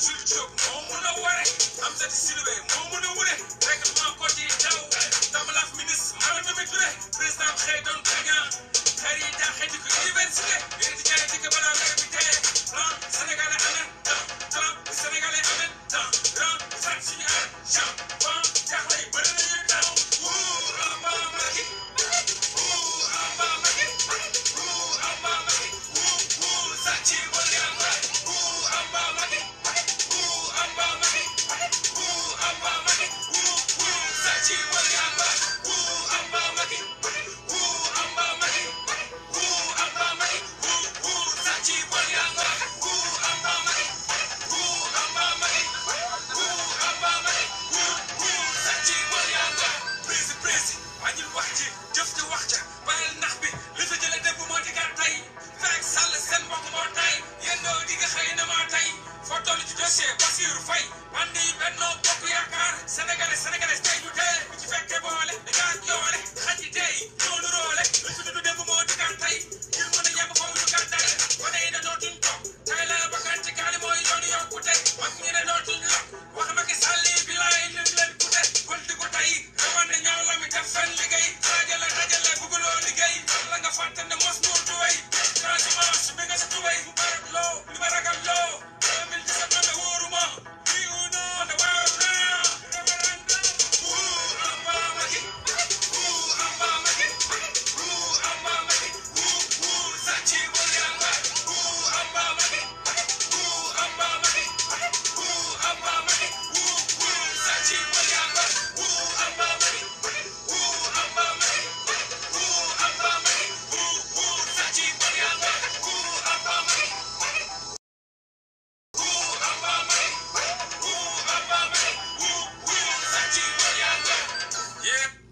Jules Diop moo mun a ware Amsatou Sidibé moo mun a wure règlement côte yi daw Tamalaaf ministre Marie-Mimi Touré président Khayton Kanya xëy na jaaxle dikk université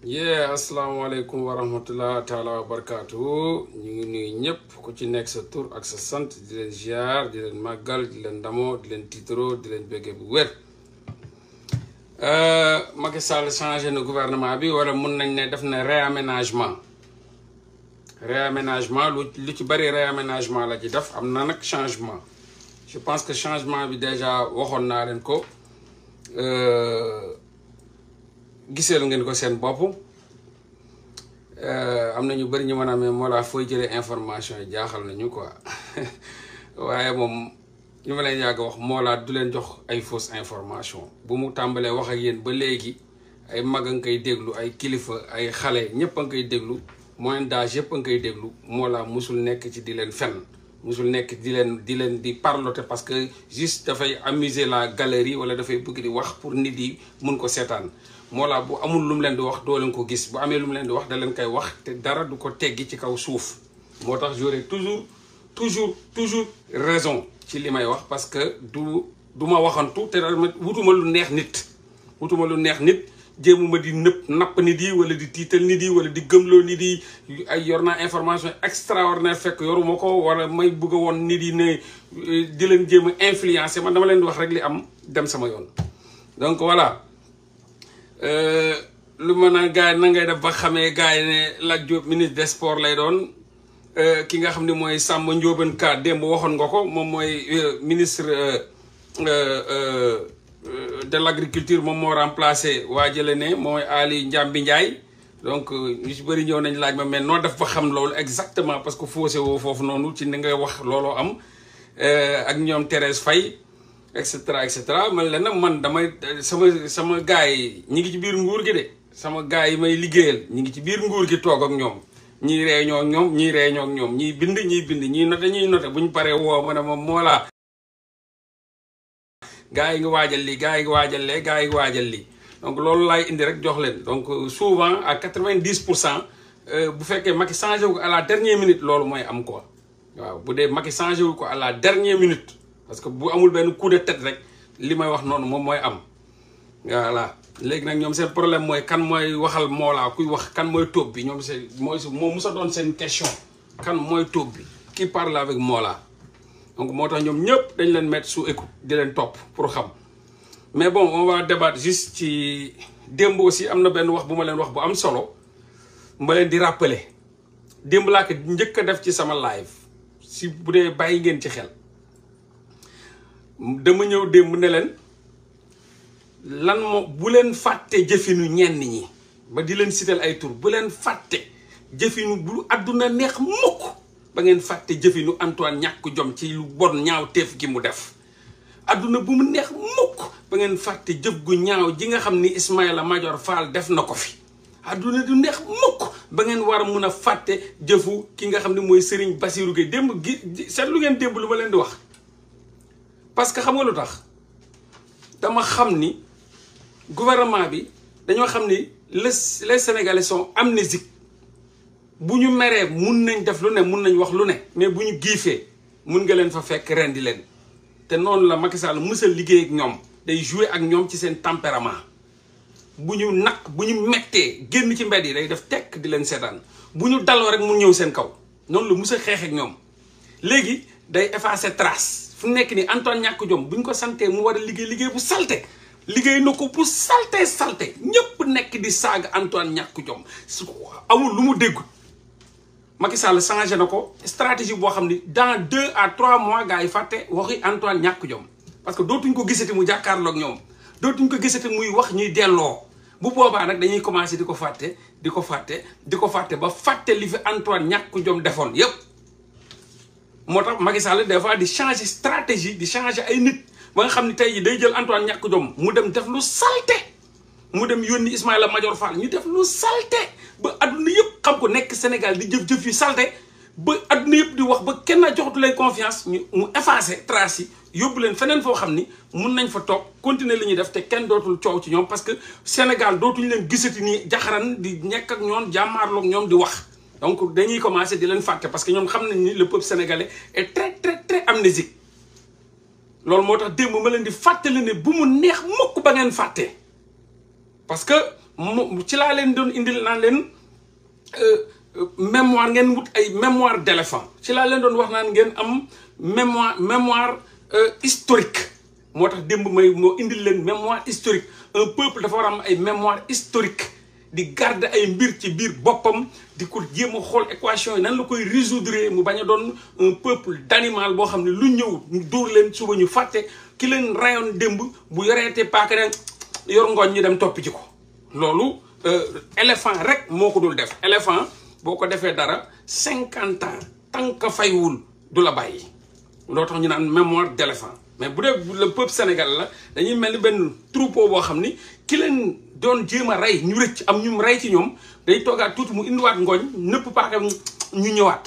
yee asalaamaaleykum wa rahmatullah taala wa barakaatu ñu ngi nuyu ñëpp ku ci nekk sa tur ak sa sant di leen ziar di leen màggal di leen ndamoo di leen titro di leen béggee bu wér euh, Macky Sall changé na gouvernement bi wala mun nañ ne def na réaménagement réaménagement lu lu ci bëri réaménagement la ci def am na nag changement je pense que changement bi déjà waxoon naa leen ko euh, giseel ngeen ko seen bopp euh, am na ñu bëri ñu mën a amee moo laa fooy jëlee information yi jaaxal nañu quoi waaye moom ñu ma leen yàgg wax moo laa du leen jox ay fausse information bu mu tàmbalee wax ak yéen ba léegi ay mag a nga koy déglu ay kilifa ay xale ñëpp a nga koy déglu moyen d'âge yëpp a nga koy déglu moo laa musul nekk ci di leen fen musul nekk di leen di leen di parloter parce que juste dafay amuser la galerie wala dafay bëgg di wax pour nit di mun ko seetaan Mollah bu amul lum leen di wax doo leen ko gis bu amee lu mu leen di wax da leen koy wax te dara du ko teggi ci kaw suuf moo tax j'aurai toujours toujours toujours raison ci li may wax parce que du du ma waxantu te dama wutuma lu neex nit wutuma lu neex nit jéemuma di nëpp napp nit yi wala di tiital nit yi wala di gëmloo nit yi ay yor naa information extraordinaire fekk yoruma ko wala may bëgg woon nit yi ne euh, di leen jéem a influencer man dama leen di wax rek li am dem sama yoon donc voilà Euh, lu ma naan gars yi nan ngay ba xamee gars yi ne Lat Diop ministre des sport lay doon euh, ki nga xam ne mooy sàmm Ndiobène Ka démb waxoon nga ko moom mooy euh, ministre de l' agriculture moom moo remplacé waa jële ne mooy Ali bi Ndiaye donc ñu ci bëri ñëw nañ laaj ma mais noo def ba xam loolu exactement parce que faussé woo foofu noonu ci ni ngay wax looloo am ak ñoom Thérèse Faye et cetera et cetera man leen nag man damay sama sama gars yi ñi ngi ci biir nguur gi de sama gars yi may liggéeyal ñi ngi ci biir nguur gi toog ak ñoom ñi réunion ñoom ñii réunion ak ñoom ñii bind ñii bind ñii note ñii note bu ñu paree woo ma ne moo moolaa gars yi nga waajal li gars yi waajal lee gars yi waajal lii donc loolu laay indi rek jox leen donc souvent ak quatre-vingt-dix pour cent euh, bu fekkee Macky changé wu ko à la minute loolu mooy am quoi waaw bu dee Macky changé wu ko à la dernière minute parce que bu amul benn coup de rek li may wax noonu moom mooy am voilà léegi nag ñoom seen problème mooy kan mooy waxal moolaa kuy wax kan mooy tóob bi ñoom seen mooy su moo musa doon seen question kan mooy toog bi qui parle avec moolaa donc moo tax ñoom ñëpp dañ leen mettre sous écoute di leen topp pour xam mais bon on va débattre juste ci démb aussi am na benn wax bu ma leen wax bu am solo ma leen di rappeler démb laa ko njëkk a def ci sama live si bu dee bàyyi ngeen ci xel dama ñëw démb ne leen lan moo bu leen fàtte jëfinu ñenn ñi ba di leen sital ay tur bu leen fàtte jëfinu bu àdduna neex mukk ba ngeen fàtte jëfinu Antoine ñàkk jom ci lu ñaaw teef gi mu def àdduna bu mu ba ngeen fàtte jëf gu ñaaw ji nga xam ni Ismaïla major Fall def na ko fi àdduna du neex mukk ba ngeen war a mun a fàtte jëfu ki nga xam ne mooy Serigne Bassirou Gueye démb gi seet lu ngeen démb lu ma leen di wax parce que xam nga lu tax dama xam ni gouvernement bi dañoo xam ni les les sénégalais sont amnésiques bu ñu meree mun nañ def lu ne mun nañ wax lu ne mais bu ñu giifee mun nga leen fa fekk ren di leen te noonu la Macky Sall liggéey ak ñoom day jouer ak ñoom ci seen tempérament bu ñu naq bu ñu mettee génn ci mbedd yi day def tekk di leen seetaan bu ñu daloo rek mun ñëw seen kaw noonu la mës a ak ñoom léegi day effacer trace fu nekk nii Antoine ñàkk jom bu ñu ko santee mu war a liggéey liggéey bu salte liggéey na ko bu salte salte ñëpp nekk di saaga Antoine ñàkk jom amul lu mu déggu Macky Sall changé na ko stratégie boo xam ni dans deux à trois mois gars yi fàtte waxi Antoine ñàkk jom parce que dootuñ ko gisati mu jàkkaarloog ñoom dootuñ ko gisati muy wax ñuy delloo bu boobaa nag dañuy commencé di ko fàtte di ko fàtte di ko fàtte ba fàtte li fi Antoine ñàkku jom defoon yépp moo tax Macky Sall des fois di changer stratégie di changer ay nit ba nga xam ne tey day jël Antoine ñàkk doom mu dem def lu salte mu dem yónni Ismaïla Madior Fall ñu def lu salte ba adduna yëpp xam ko nekk Sénégal di jëf-jëf yu salte ba adduna yëpp di wax ba kenn joxatu leen confiance ñu mu effacer trace yi yóbbu leen feneen foo xam ni mun nañ fa toog continuer li ñuy def te kenn dootul coow ci ñoom parce que Sénégal dootuñu leen gisati nii jaxaran di ñekk ak ñoom jàmmaarloog ñoom di wax donc dañuy commencer di leen fàtte parce que ñoom xam nañ ni le peuple sénégalais et très très très amnésique loolu moo tax démb ma leen di fàttali ne bu mu neex mukk ba ngeen fàtte parce que mu ci laa leen doon indil naa leen euh, euh, mémoire ngeen wut ay mémoire d'éléphant ci laa leen doon wax naan ngeen am mémoire mémoire euh, historique moo tax démb may moo indil leen mémoire historique un peuple dafa war am ay mémoire historique di garder ay mbir ci biir boppam di ko jéem a xool équation yi nan la koy résoudre mu bañ a doon pëpp peuple d'animal boo xam ne lu ñëw ñu leen suba ñu fàtte ki leen rayoon démb bu yoreete paaka ne yor ngooñ ñu dem topp ci ko loolu euh, éléphant rek moo ko dul def éléphant boo ko defee dara cinquante ans tank que faywul du la bàyyi loo tax ñu naan mémoire d'éléphant mais bu dee le peuple sénégal la dañuy mel ni benn troupeau boo xam ni ki leen doon jéem a rey ñu rëcc am ñu rey ci ñoom day toogaat tuuti mu indiwaat ngooñ nëpp paaka ñu ñëwaat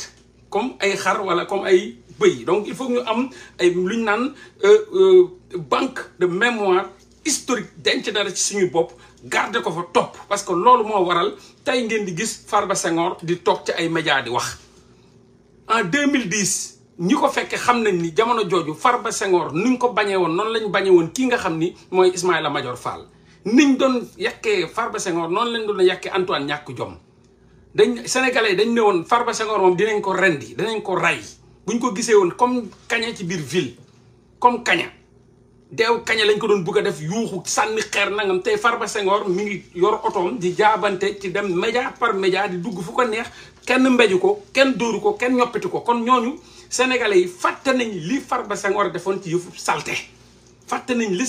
comme ay xar wala comme ay bëy donc il faut ñu am ay lu ñu naan euh, euh, banque de mémoire historique denc dara ci suñu bopp garder ko fa topp parce que loolu moo waral tey ngeen di gis far ba Senghor di toog ci ay médias di wax en 2010 ñi ko fekkee xam nañ ni jamono jooju Farba ba ni nuñ ko bañee woon noonu lañ bañee woon kii nga xam ni mooy Ismaïla Madior Fall niñ doon yàkkee Farba Senghor noonu lañ doon yàkkee Antoine ñàkk jom dañ sénégalais dañ ne woon Farba Senghor moom dinañ ko rendi dinañ ko ray ñu ko gisee woon comme kaña ci biir ville comme kaña deew kaña lañ ko doon bugg a def yuuxu sànni xeer nangam tey Farba Senghor mi ngi yor otoom di jaabante ci dem média par média di dugg fu ko neex kenn mbeju ko kenn dóoru ko kenn ñoppiti ko kon ñooñu sénégalais yi fàtte nañ li Farba Senghor defoon ci yëfu salte fàtte nañ li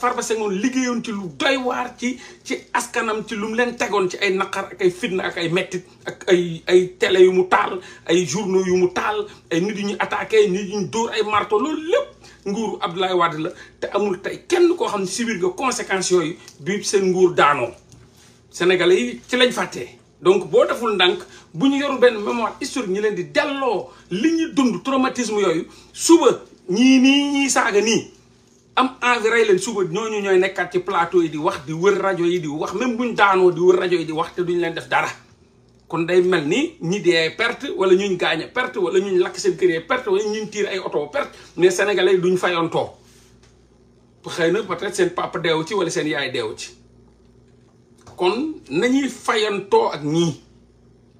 Farba Senghor liggéeyoon ci lu doy waar ci ci askanam ci lu mu leen tegoon ci ay naqar ak ay fitna ak ay mettit ak ay ay télé yu mu taal ay journaux yu mu taal ay nit yu ñu attaqué nit yu ñu dóor ay marto loolu lépp nguuru Abdoulaye Wade la te amul tey kenn koo xam ne subir nga conséquences yooyu bi seen nguur daanoo sénégalais yi ci lañ fàttee donc boo deful ndànk bu ñu yorul benn mémoire historique ñi leen di delloo li ñu dund traumatisme yooyu suba ñii nii ñii saaga nii am envie rey leen suba ñooñu ñooy nekkaat ci plateau yi di wax di wër rajo yi di wax même buñ daanoo di wër rajo yi di wax te duñ leen def dara kon day mel ni ñi dee perte wala ñuñ gaañe perte wala ñuñ lakk seen kër yee perte wala ñuñ tiir ay oto perte mais sénégalais duñ fayoontoo xëy na peut-être seen papa deew ci wala seen yaay deew ci kon nañuy fayantoo ak ñii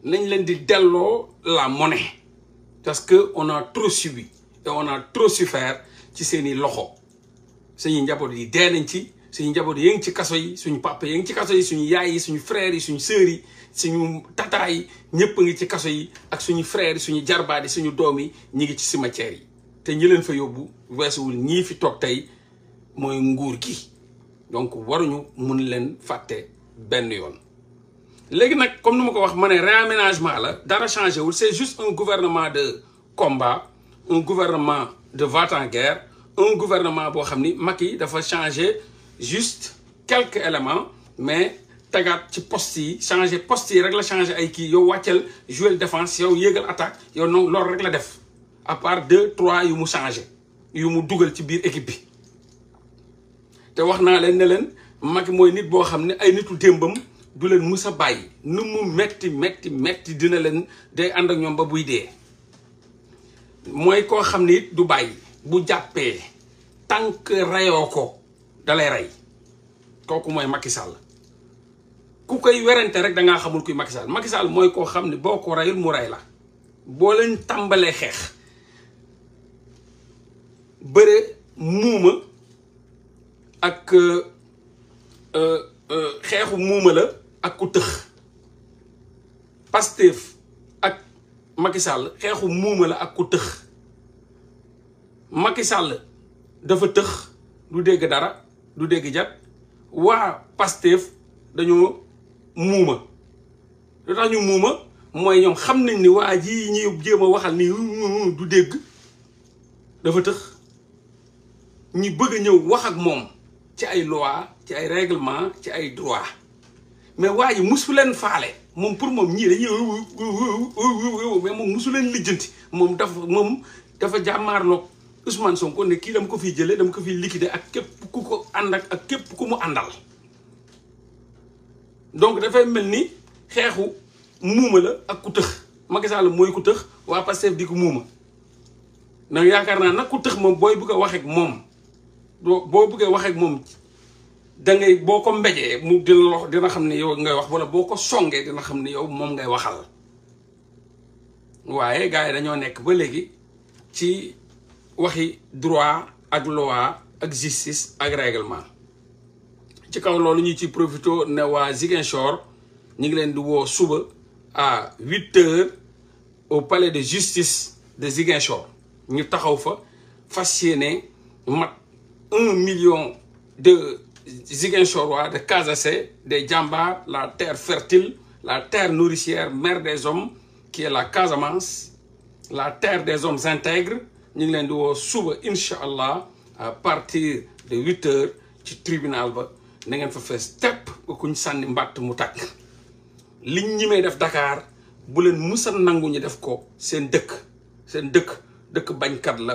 nañ leen di delloo la monnaie parce que on a trop subi et on a trop souffert ci seeni loxo suñu njaboot yi dee nañ ci suñu njaboot yi ngi ci kaso yi suñu papa yi ngi ci kaso yi suñu yaay yi suñu frères yi suñu sœurs yi suñu tata yi ñëpp ngi ci kaso yi ak suñu frères yi suñu jarbaat yi suñu doom yi ñi ngi ci cimetière yi te ñi leen fa yóbbu weesuwul ñii fi toog tey mooy nguur gi donc waruñu mun leen fàtte benn yoon léegi nag comme ni ma ko wax ma ne réaménagement la dara changé wul c'est juste un gouvernement de combat un gouvernement de va en guerre un gouvernement boo xam ni Macky dafa changer juste quelque éléments mais tagaat ci post yi changer poste yi rek la changer ay kii yow wàcceel jouer défense yow yéegal attaque yow non loolu rek la def à part deux trois yu mu changer yu mu dugal ci biir équipe bi te wax naa leen ne leen Macky mooy nit boo xam ne ay nitu démbam du leen mus a bàyyi nu mu metti metti metti dina leen day ànd ak ñoom ba buy dee mooy koo xam ne du bàyyi bu jàppee tànk reyoo ko dalay rey kooku mooy Macky ku koy werante rek dangaa xamul kuy Macky Sall mooy koo xam ne boo ko reyul mu rey la boo leen tàmbalee xeex bëre muuma ak euh, euh, euh, xeexu muuma la ak ku tëx Pastef ak Macky xeexu muuma la ak ku tëx Macky Sall dafa tëx du dégg dara du dégg jat waa Pastef dañoo muuma lu tax ñu muuma mooy ñoom xam nañ ni waa ji ñi jéem a waxal ni du dégg dafa tëx ñi bëgg a ñëw wax ak moom ci ay loi ci ay règlement ci ay droit mais waa ji musu leen faale moom pour moom ñii dañuy mais moom musu leen lijjanti moom dafa moom dafa jàmmaarloog Ousmane Sonko ne kii dama ko fiy jëlee dama ko fiy liquider ak képp ku ko ànd ak ak képp ku mu àndal. donc dafay mel ni xeexu muuma la ak ku tëx Macky Sall mooy ku tëx waa Pastef di ko muuma nag yaakaar naa nag ku tëx moom booy bëgg a wax moom boo bëggee wax moom da ngay boo ko mbéjee mu dina loxo dina xam ne yow ngay wax wala boo ko songee dina xam ne yow moom ngay waxal waaye gars yi dañoo nekk ba léegi ci waxi droit ak loi ak justice ak ci kaw loolu ñu ci profité ne waa Ziguinchor ñu ngi leen di woo suba à huit heures au palais de justice de Ziguinchor ñu taxaw fa fas yéene mat un million de Ziguinchorois de Casacé des jàmbar la terre fertile la terre nourricière mère des hommes qui est la Casamance la terre des hommes intègres ñu ngi leen di woo suba incha allah à partir de huit heures ci tribunal ba na ngeen fa fees tepp ba kuñ sànni mbàtt mu tàkk liñ ñi def Dakar bu leen musa nangu ñu def ko seen dëkk seen dëkk dëkk bañkat la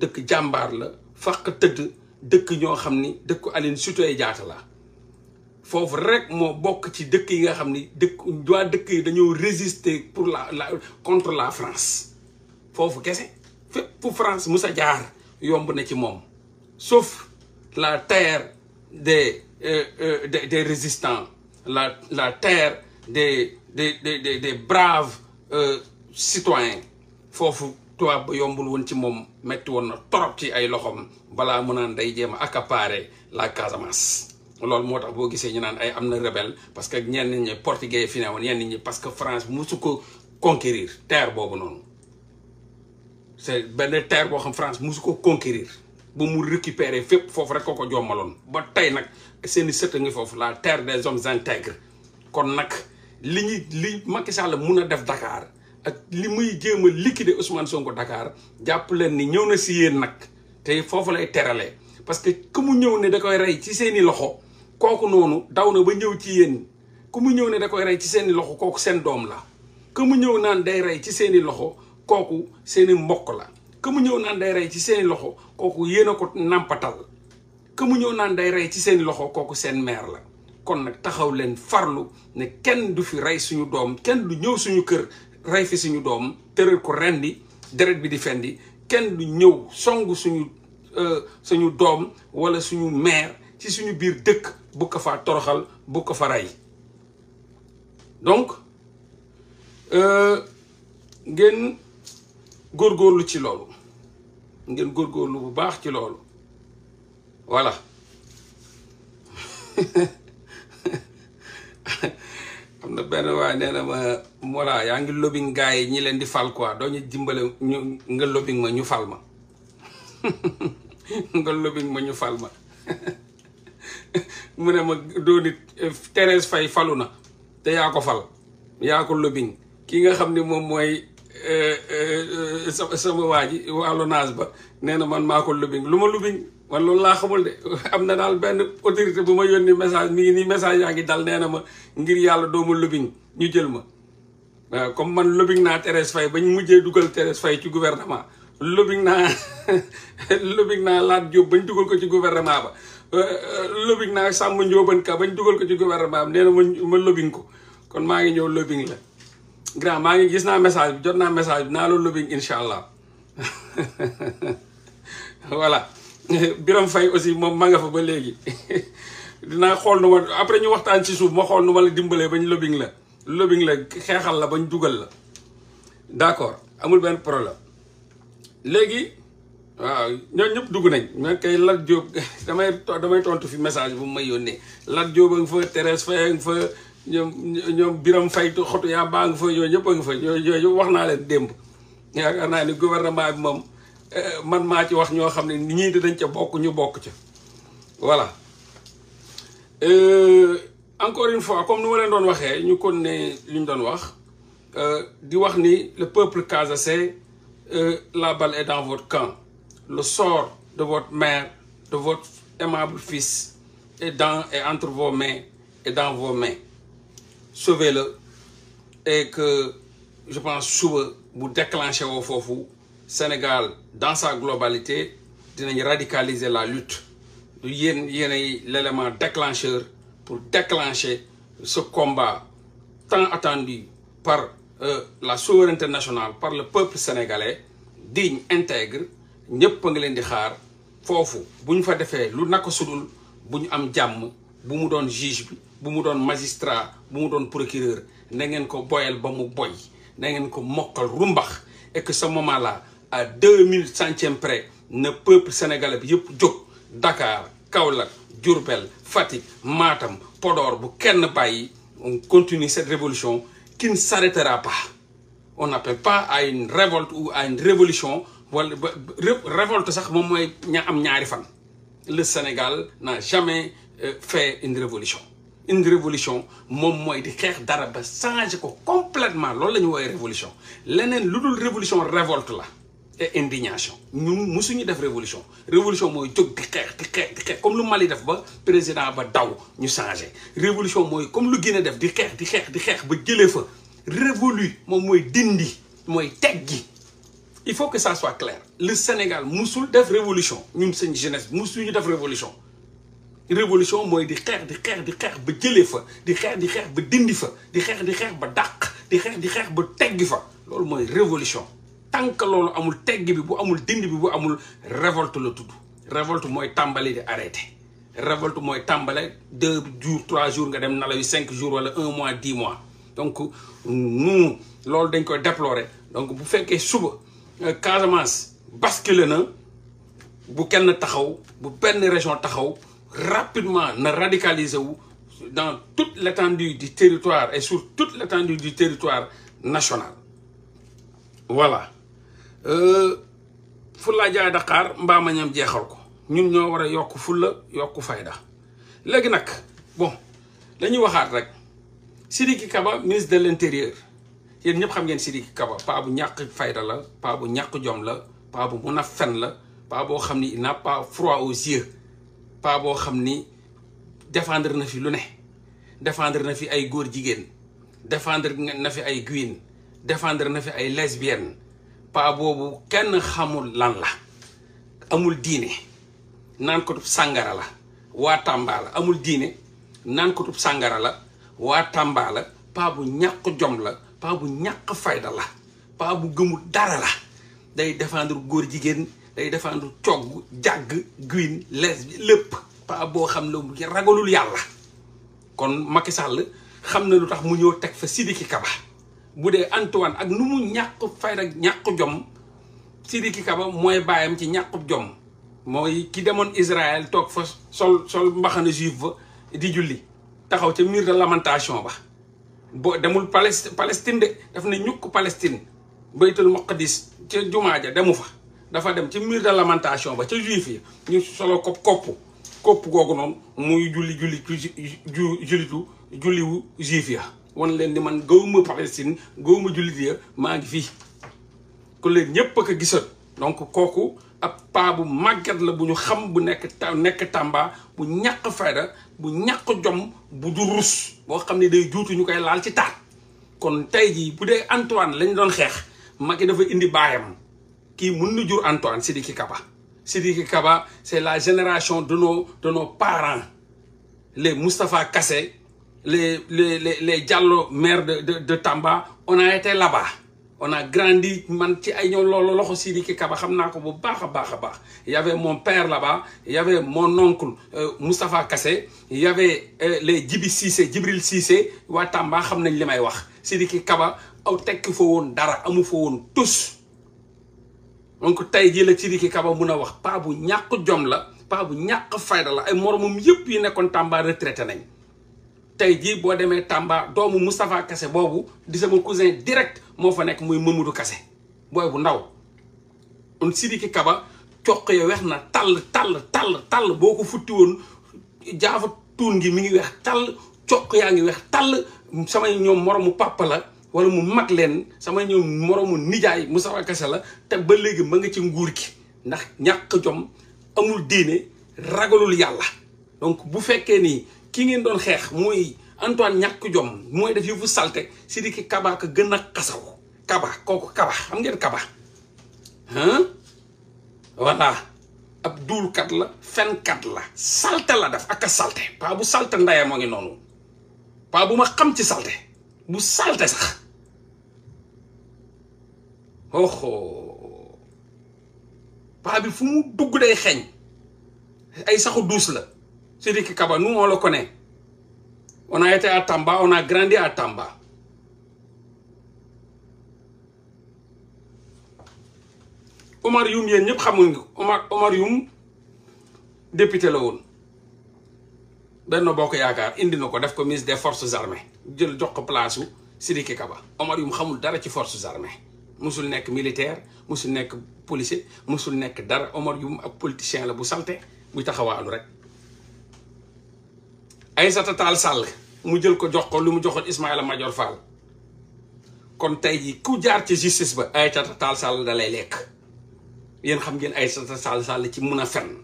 dëkk jàmbaar la fàq tëdd dëkk ñoo xam ni dëkk Aline Sitoé Diatta la foofu rek moo bokk ci dëkk yi nga xam ni dëkk waa dëkk yi dañoo résister pour la la contre la France foofu kese fépp fu France mus a jaar yomb na ci moom sauf la terre euh, euh, des des résistants la la terre des des des des braves euh, citoyens foofu tubaab ba yombul woon ci moom metti woon na torop ci ay loxoom balaa mu naan day jéem a accaparer la Casamance. loolu moo tax boo gisee ñu naan ay am na rebelle parce que ñenn ñi portugais fi ne woon ñenn ñi parce que France musu ko conquérir terre boobu noonu. c'est benn terre boo xam France su ko conquérir ba mu récupérer fépp foofu rek ko ko jommaloon ba tey nag seeni set a ngi foofu la terre des hommes intègres kon nag li ñuy li Macky Sall mun a def dakaar ak li muy jéem a liquider Ousmane Sonko dakaar jàpp leen ni ñëw na si yéen nag te foofu lay teralee parce que ku mu ñëw ne da koy rey ci seeni loxo kooku noonu daw na ba ñëw ci ku mu ñëw ne da koy rey ci seeni loxo kooku seen doom la ku mu ñëw naan day rey ci seeni loxo kooku seeni mbokk la que mu ñëw naan day rey ci seeni loxo kooku yéen a ko nàmpatal que mu ñëw naan day rey ci seeni loxo kooku seen meer la kon nag taxaw leen farlu ne kenn du fi rey suñu doom kenn du ñëw suñu kër rey fi suñu doom tëral ko rendi deret bi di fendi kenn du ñëw song suñu euh, suñu doom wala suñu meer ci suñu biir dëkk bu fa toroxal bu ko fa rey donc euh, ngeen góor góorlu ci loolu ngeen góorlu bu baax ci loolu voilà am na benn waaye nee na ma Mollah yaa ngi lobbying gars ñi leen di fal koi doo ñu dimbale ñu nga lobbying ma ñu fal ma nga lobbying ma ñu fal ma mu ne ma doo nit Thérèse Faye falu na te yaa ko fal yaa ko lobbying ki nga xam ne moom mooy Eh, eh, eh, sama sama waa ji waa LONASE ba nee na man maa ko lubing lu ma lubing man loolu laa xamul de am na daal benn autorité bu ma yónni message mi ngi nii message yaa ngi dal nee na ma ngir yàlla dooma lubing ñu jël ma waaw comme man lubing naa Thérèse ba ñu mujjee dugal Thérèse Faye ci gouvernement lubing naa lubing naa Lat Diop bañ dugal ko ci gouvernement ba euh, euh, lobbying naa Samba Ndiobane Ka bañ dugal ko ci gouvernement am nee na ma ma lobbying ko kon maa ngi ñëw lobbying la grand maa ngi gis naa message bi jot naa message bi naa loolu lobbying incha allah voilà Biram Fay aussi moom ma nga fa ba léegi dinaa xool nu ma après ñu waxtaan ci suuf ma xool nu ma la dimbalee bañ lobbying la lobbying la xeexal la bañ dugal la d'accord amul benn problème léegi waaw ñooñu ñëpp dugg nañ man kay Lat Diop damay damay tontu fi message bu ma yónnee Lat Diop fa Thérèse Faye fa ñoom ñoom biram fay xotu yaa baa ngi fa yooyu yëpp a ngi fa yooyu wax naa leen démb yaakaar naa ni gouvernement bi moom eh, man maa ci wax ñoo xam ne ñii dinañ ca bokk ñu bokk ca voilà euh, encore une fois comme nu ma leen doon waxee ñu kon ne li ñu doon wax euh, di wax ni le peuple casacé euh, la balle est dans votre camp le sort de votre mère de votre mable fils est dans et entre vos mais et dans vos mais sauver la et que je pense suba bu déclenché woo foofu Sénégal dans sa globalité dinañ radicaliser la lutte du yéen yéenay l'élément déclencheur pour déclencher ce combat tant attendu par euh, la souveraineté nationale par le peuple sénégalais digne intègre ñëpp a ngi leen di xaar foofu bu ñu fa defee lu naka sudul bu ñu am jàmm bu mu doon juge bi bu mu doon magistrat bu mu doon procureur na ngeen ko boyal ba mu boy na ngeen ko mokkal rumbax et que ce moment là à deux mille centièmes près na peuple sénégalais bi yëpp jóg Dakar Kaolack Diourbel Fatick maatam podoor bu kenn bàyyi on continue cette révolution qui ne s'arrêtera pas on n'appelle pas à une révolte ou à une révolution wala révolte sax moom mooy ña am ñaari fan le Sénégal n'a jamais Euh, fait une révolution une révolution moom mooy di xeex dara ba changé ko completement loolu la ñu woowee révolution leneen lu dul révolution révolte la et indignation ñun musuñu def révolution mooy jog di xeex di xeex di xeex comme lu Mali def ba président ba daw ñu changé révolution mooy comme lu Guinée def di xeex di xeex di xeex ba jëlee fa révolu moom mooy dindi mooy teggi il faut que ça soit clair le Sénégal musul def révolution ñun seen jeunesse suñu def révolution révolution mooy di xeex di xeex di xeex ba jëlee fa di xeex di xeex ba dindi fa di xeex di xeex ba dàq di xeex di xeex ba teggi fa loolu mooy révolution tant que loolu amul teggi bi bu amul dindi bi bu amul révolte la tudd révolte mooy tàmbali arrêté révolte mooy tàmbale deux jours trois jours nga dem nalawi cinq jours wala un mois dix mois donc nous loolu dañ koy déplorer donc bu fekkee suba euh, Casamance basculé na bu kenn taxaw bu benn région taxaw rapidement na radicaliser wu dans toute l'étendue du territoire ay sur toute l'étendue du territoire national voilà euh, fullaa jaay daqaar mbaama ñam jeexal ko ñun ñoo war a yokk fulla yokk fayda léegi nag bon dañuy waxaat rek Sidiki Kaba ministre de l'intérieur yéen ñëpp xam ngeen Sidiki Kaba paa bu ñàkk fayda la paa bu ñàkk jom la paa bu mun a fen la paa boo xam ni il n'a pas froid aux yeux paa boo xam ni défendre na fi lu ne défendre na fi ay góor jigéen défendre na fi ay guin défendre na fi ay lesbienne paa boobu kenn xamul lan la amul diine naan sàngara la waa Tamba la amul diine naan ko la waa Tamba la paa bu ñàkk jom la paa bu ñàkk fayda la paa bu gëmul dara la day défendre góor jigéen day défendre cogg jàgg guin les lépp pa boo xam ne ragalul yàlla kon Macky Sall xam na lu tax mu ñëw teg fa Sidiki Kaba bu dee Antoine ak nu mu ñàkk fay rek ñàkk jom Sidiki Kaba mooy bàyyam ci ñàkkub jom mooy ki demoon Israël toog fa sol sol mbaxana juif ba di julli taxaw ca mur de lamentation ba boo demul Palestine de daf ne ñukk Palestine baytul maqdis ca jumaa ja demu fa dafa dem ca mille de lamentation ba ca juif yi ñu solo ko kopp kopp kooku noonu muy julli julli ju jullitu julliwu juif ya wan leen ni man gëwuma Palestine gëwuma jullit ya maa ngi fi ku leen ñépp a ko gisal donc kooku ab paa bu màggat la bu ñu xam bu nekk ta nekk Tamba bu ñàkk fayda bu ñàkk jom bu du boo xam ne day juutu ñu koy laal ci taat kon tey jii bu dee Antoine lañ doon xeex Macky dafa indi baayam kii mun na jur Antoine Sidiki Kaba Sidiki Kaba c'est la génération de no de nos parents les Moustapha kase les les les les Diallo maire de de de Tamba on a été là on a grandi man ci ay ñoom loolu loxo Sidiki Kaba xam naa ko bu baax a baax a baax y avait mon père là-bas y avait mon oncle euh, Moustapha Kassé y avait euh, les Djibi Cissé Djibril Cissé waa Tamba xam nañ li may wax Sidiki Kaba aw tekki fa woon dara amu fa woon tous donc tey jii la Sidiki Kaba mun a wax paa bu ñàkk jom la paa bu ñàq fayda la ay moromam yëpp yu nekkoon Tamba retraité nañ tey ji boo demee Tamba doomu Moustapha Kassé boobu di sama cousin direct moo fa nekk muy Mamadou Kassé booy bu ndaw kon Kaba coq ya weex na tàll tàll tàll tàll boo ko futti woon jaafa tuun gi mi ngi weex tàll coq yaa ngi weex tàll samay ñoom moromu papa la wala mu mag leen sama ñëw moroomu nijaay Moustapha Kase la te ba léegi ma nga ci nguur gi ndax ñàkk jom amul diine ragalul yàlla donc bu fekkee ni ki ngeen doon xeex mooy Antoine ñàkk jom mooy def yëfu salte Sidiki Kaba ka gën a xasaw Kaba kooku Kaba xam ngeen Kaba ah voilà ab duulkat la fenkat la salte la def ak a salte paa bu salte ndaya moo ngi noonu paa bu ma xam ci salte bu salte sax oho paa bi fu mu dugg day xeeñ ay saxu duus la Sidiki Kaba nous on le connaît on a été à Tamba on a grandi à Tamba Omar Youm yéen ñëpp xamuñ Omar Omar Youm député la woon Benno Bokk Yaakaar indi na ko def ko ministre des forces armées jël jox ko place su Sidiki Kaba Omar Youm xamul dara ci forces armées musul nekk militaire musul nekk policier musul nekk dara Omar Youm ak politicien la bu salte buy taxawaalu rek ay Tall Sall mu jël ko jox ko lu mu joxoon Ismaïla major Fall kon tey ji ku jaar ci justice ba ay Tall Sall da lay lekk yéen xam ngeen ay Tall Sall ci mun a fenn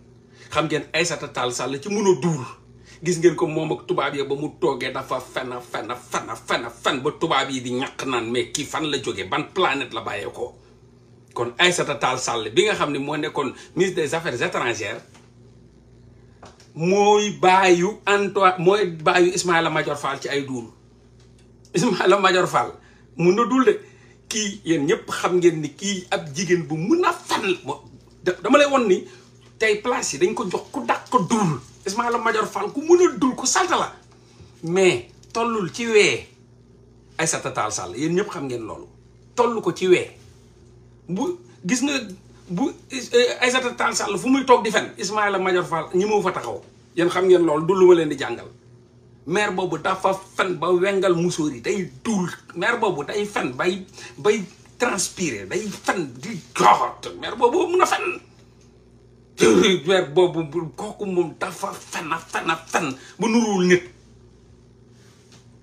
xam ngeen Aïssata Tall Sall ci mun a duur gis ngeen ko moom ak tubaab ya ba mu toogee dafa fen fen fen fen fen ba tubaab yi di ñàq naan mais kii fan la jógee ban planète la bàyyee ko kon Aïssata Tall Sall bi nga xam ne moo nekkoon ministre des affaires étrangères mooy bàyyu Antoine mooy bàyyu Ismaïla Madior Fall ci ay duul Ismaïla major Fall mun na duul de kii yéen ñëpp xam ngeen ni kii ab jigéen bu mun a fen dama lay won ni tey place yi dañ ko jox ku dàq ko duul Ismaïla Madior Fall ku mën a dul ku salta la mais tollul ci wee ay Tall Sall yéen ñëpp xam ngeen loolu tollu ko ci wee bu gis nga bu eh, Aïssata Tall Sall fu muy toog di fen Ismaïla Madior Fall ñi mu fa taxaw yéen xam ngeen loolu du lu ma leen di jàngal maire boobu dafa fen ba wengal musóor yi day duul maire boobu day fen bay bay day fen di joxot maire boobu mën a fen weer boobu kooku moom dafa fen a fen a fen bu nuruwul nit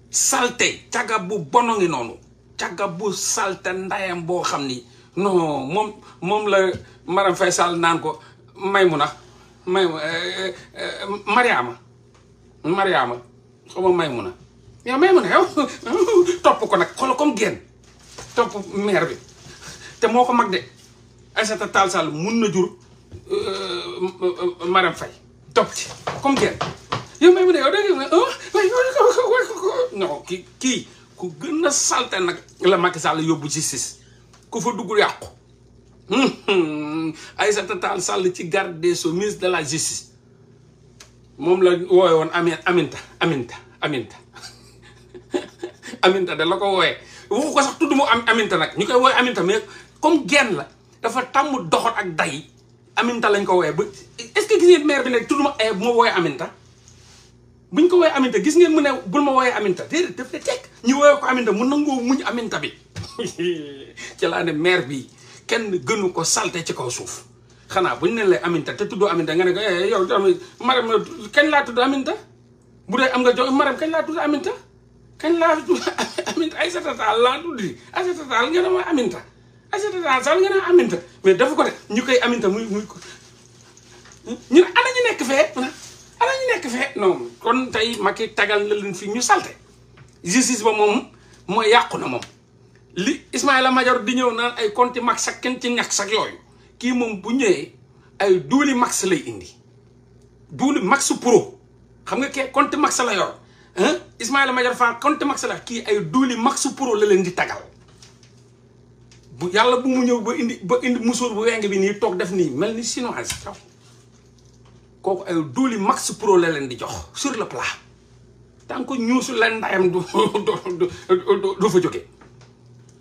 salte caga bu bono noonu caga bu salte ndayam boo xam ni non moom moom la Marème Faye Sall naan ko may mu na may euh, euh, Mariama Mariama xaw ma topp ko nag xolo comme génn topp maire bi te moo ko mag de Aïssata Tall Sall mun na jur Euh, Marème Faye topp ci comme kenn yow may mu ne yow dégg nga ah, non kii kii ku gën a salte nag la Macky Sall yóbbu justice ku fa dugg yàqu hmm, hmm, Aïssata Tall Sall ci garde des Sceaux ministre de la justice moom la wooye woon amin aminta aminta aminta aminta da la ko wooyee waxu ko sax tudd mu am aminta nag ñu koy wooye aminta mais comme genn la dafa tàmm doxat ak day Aminta lañ ko wooyee ba est-ce que gis ngeen maire bi léegi tudd ma eh, bu ma wooyee Aminta buñ ko wooyee Aminta gis ngeen mu ne bul ma wooyee Aminta déedéet daf lay teg ñu wooyee ko Aminta mu nangoo muñ Aminta bi ci laa ne maire bi kenn gënu ko salte ci kaw suuf xanaa buñ ne lay Aminta te tuddoo Aminta nga ne ko eh, eh, yow maram kañ laa tudd Aminta bu dee am nga jox maram kañ laa tudd Aminta kañ laa tudd Aminta Aïssata Tall laa tudd Aïssata Tall nga ne Aminta Aïssata Tall Sall nga naan aminta mais dafa ko de ñu koy aminta muy muy ñu ne ana ñu nekk fee ana ñu nekk fee non kon tey Macky tagal na leen fii ñu salte justice ba moom mooy yàqu na moom li Ismaïla Madior di ñëw naan ay compte max ak kenn ci ñax sax yooyu kii moom bu ñëwee ay duuli max lay indi duuli max pro xam nga kee compte max la yor Ismaïla Madior Fall compte max la kii ay duuli max pro la leen di tagal bu yàlla bu mu ñëw ba indi ba indi musóor bu weng bi nii toog def nii mel ni chinoise caw kooku ay duuli max pro la leen di jox sur le plat tant que ñuusu leen ndayam du du fa jóge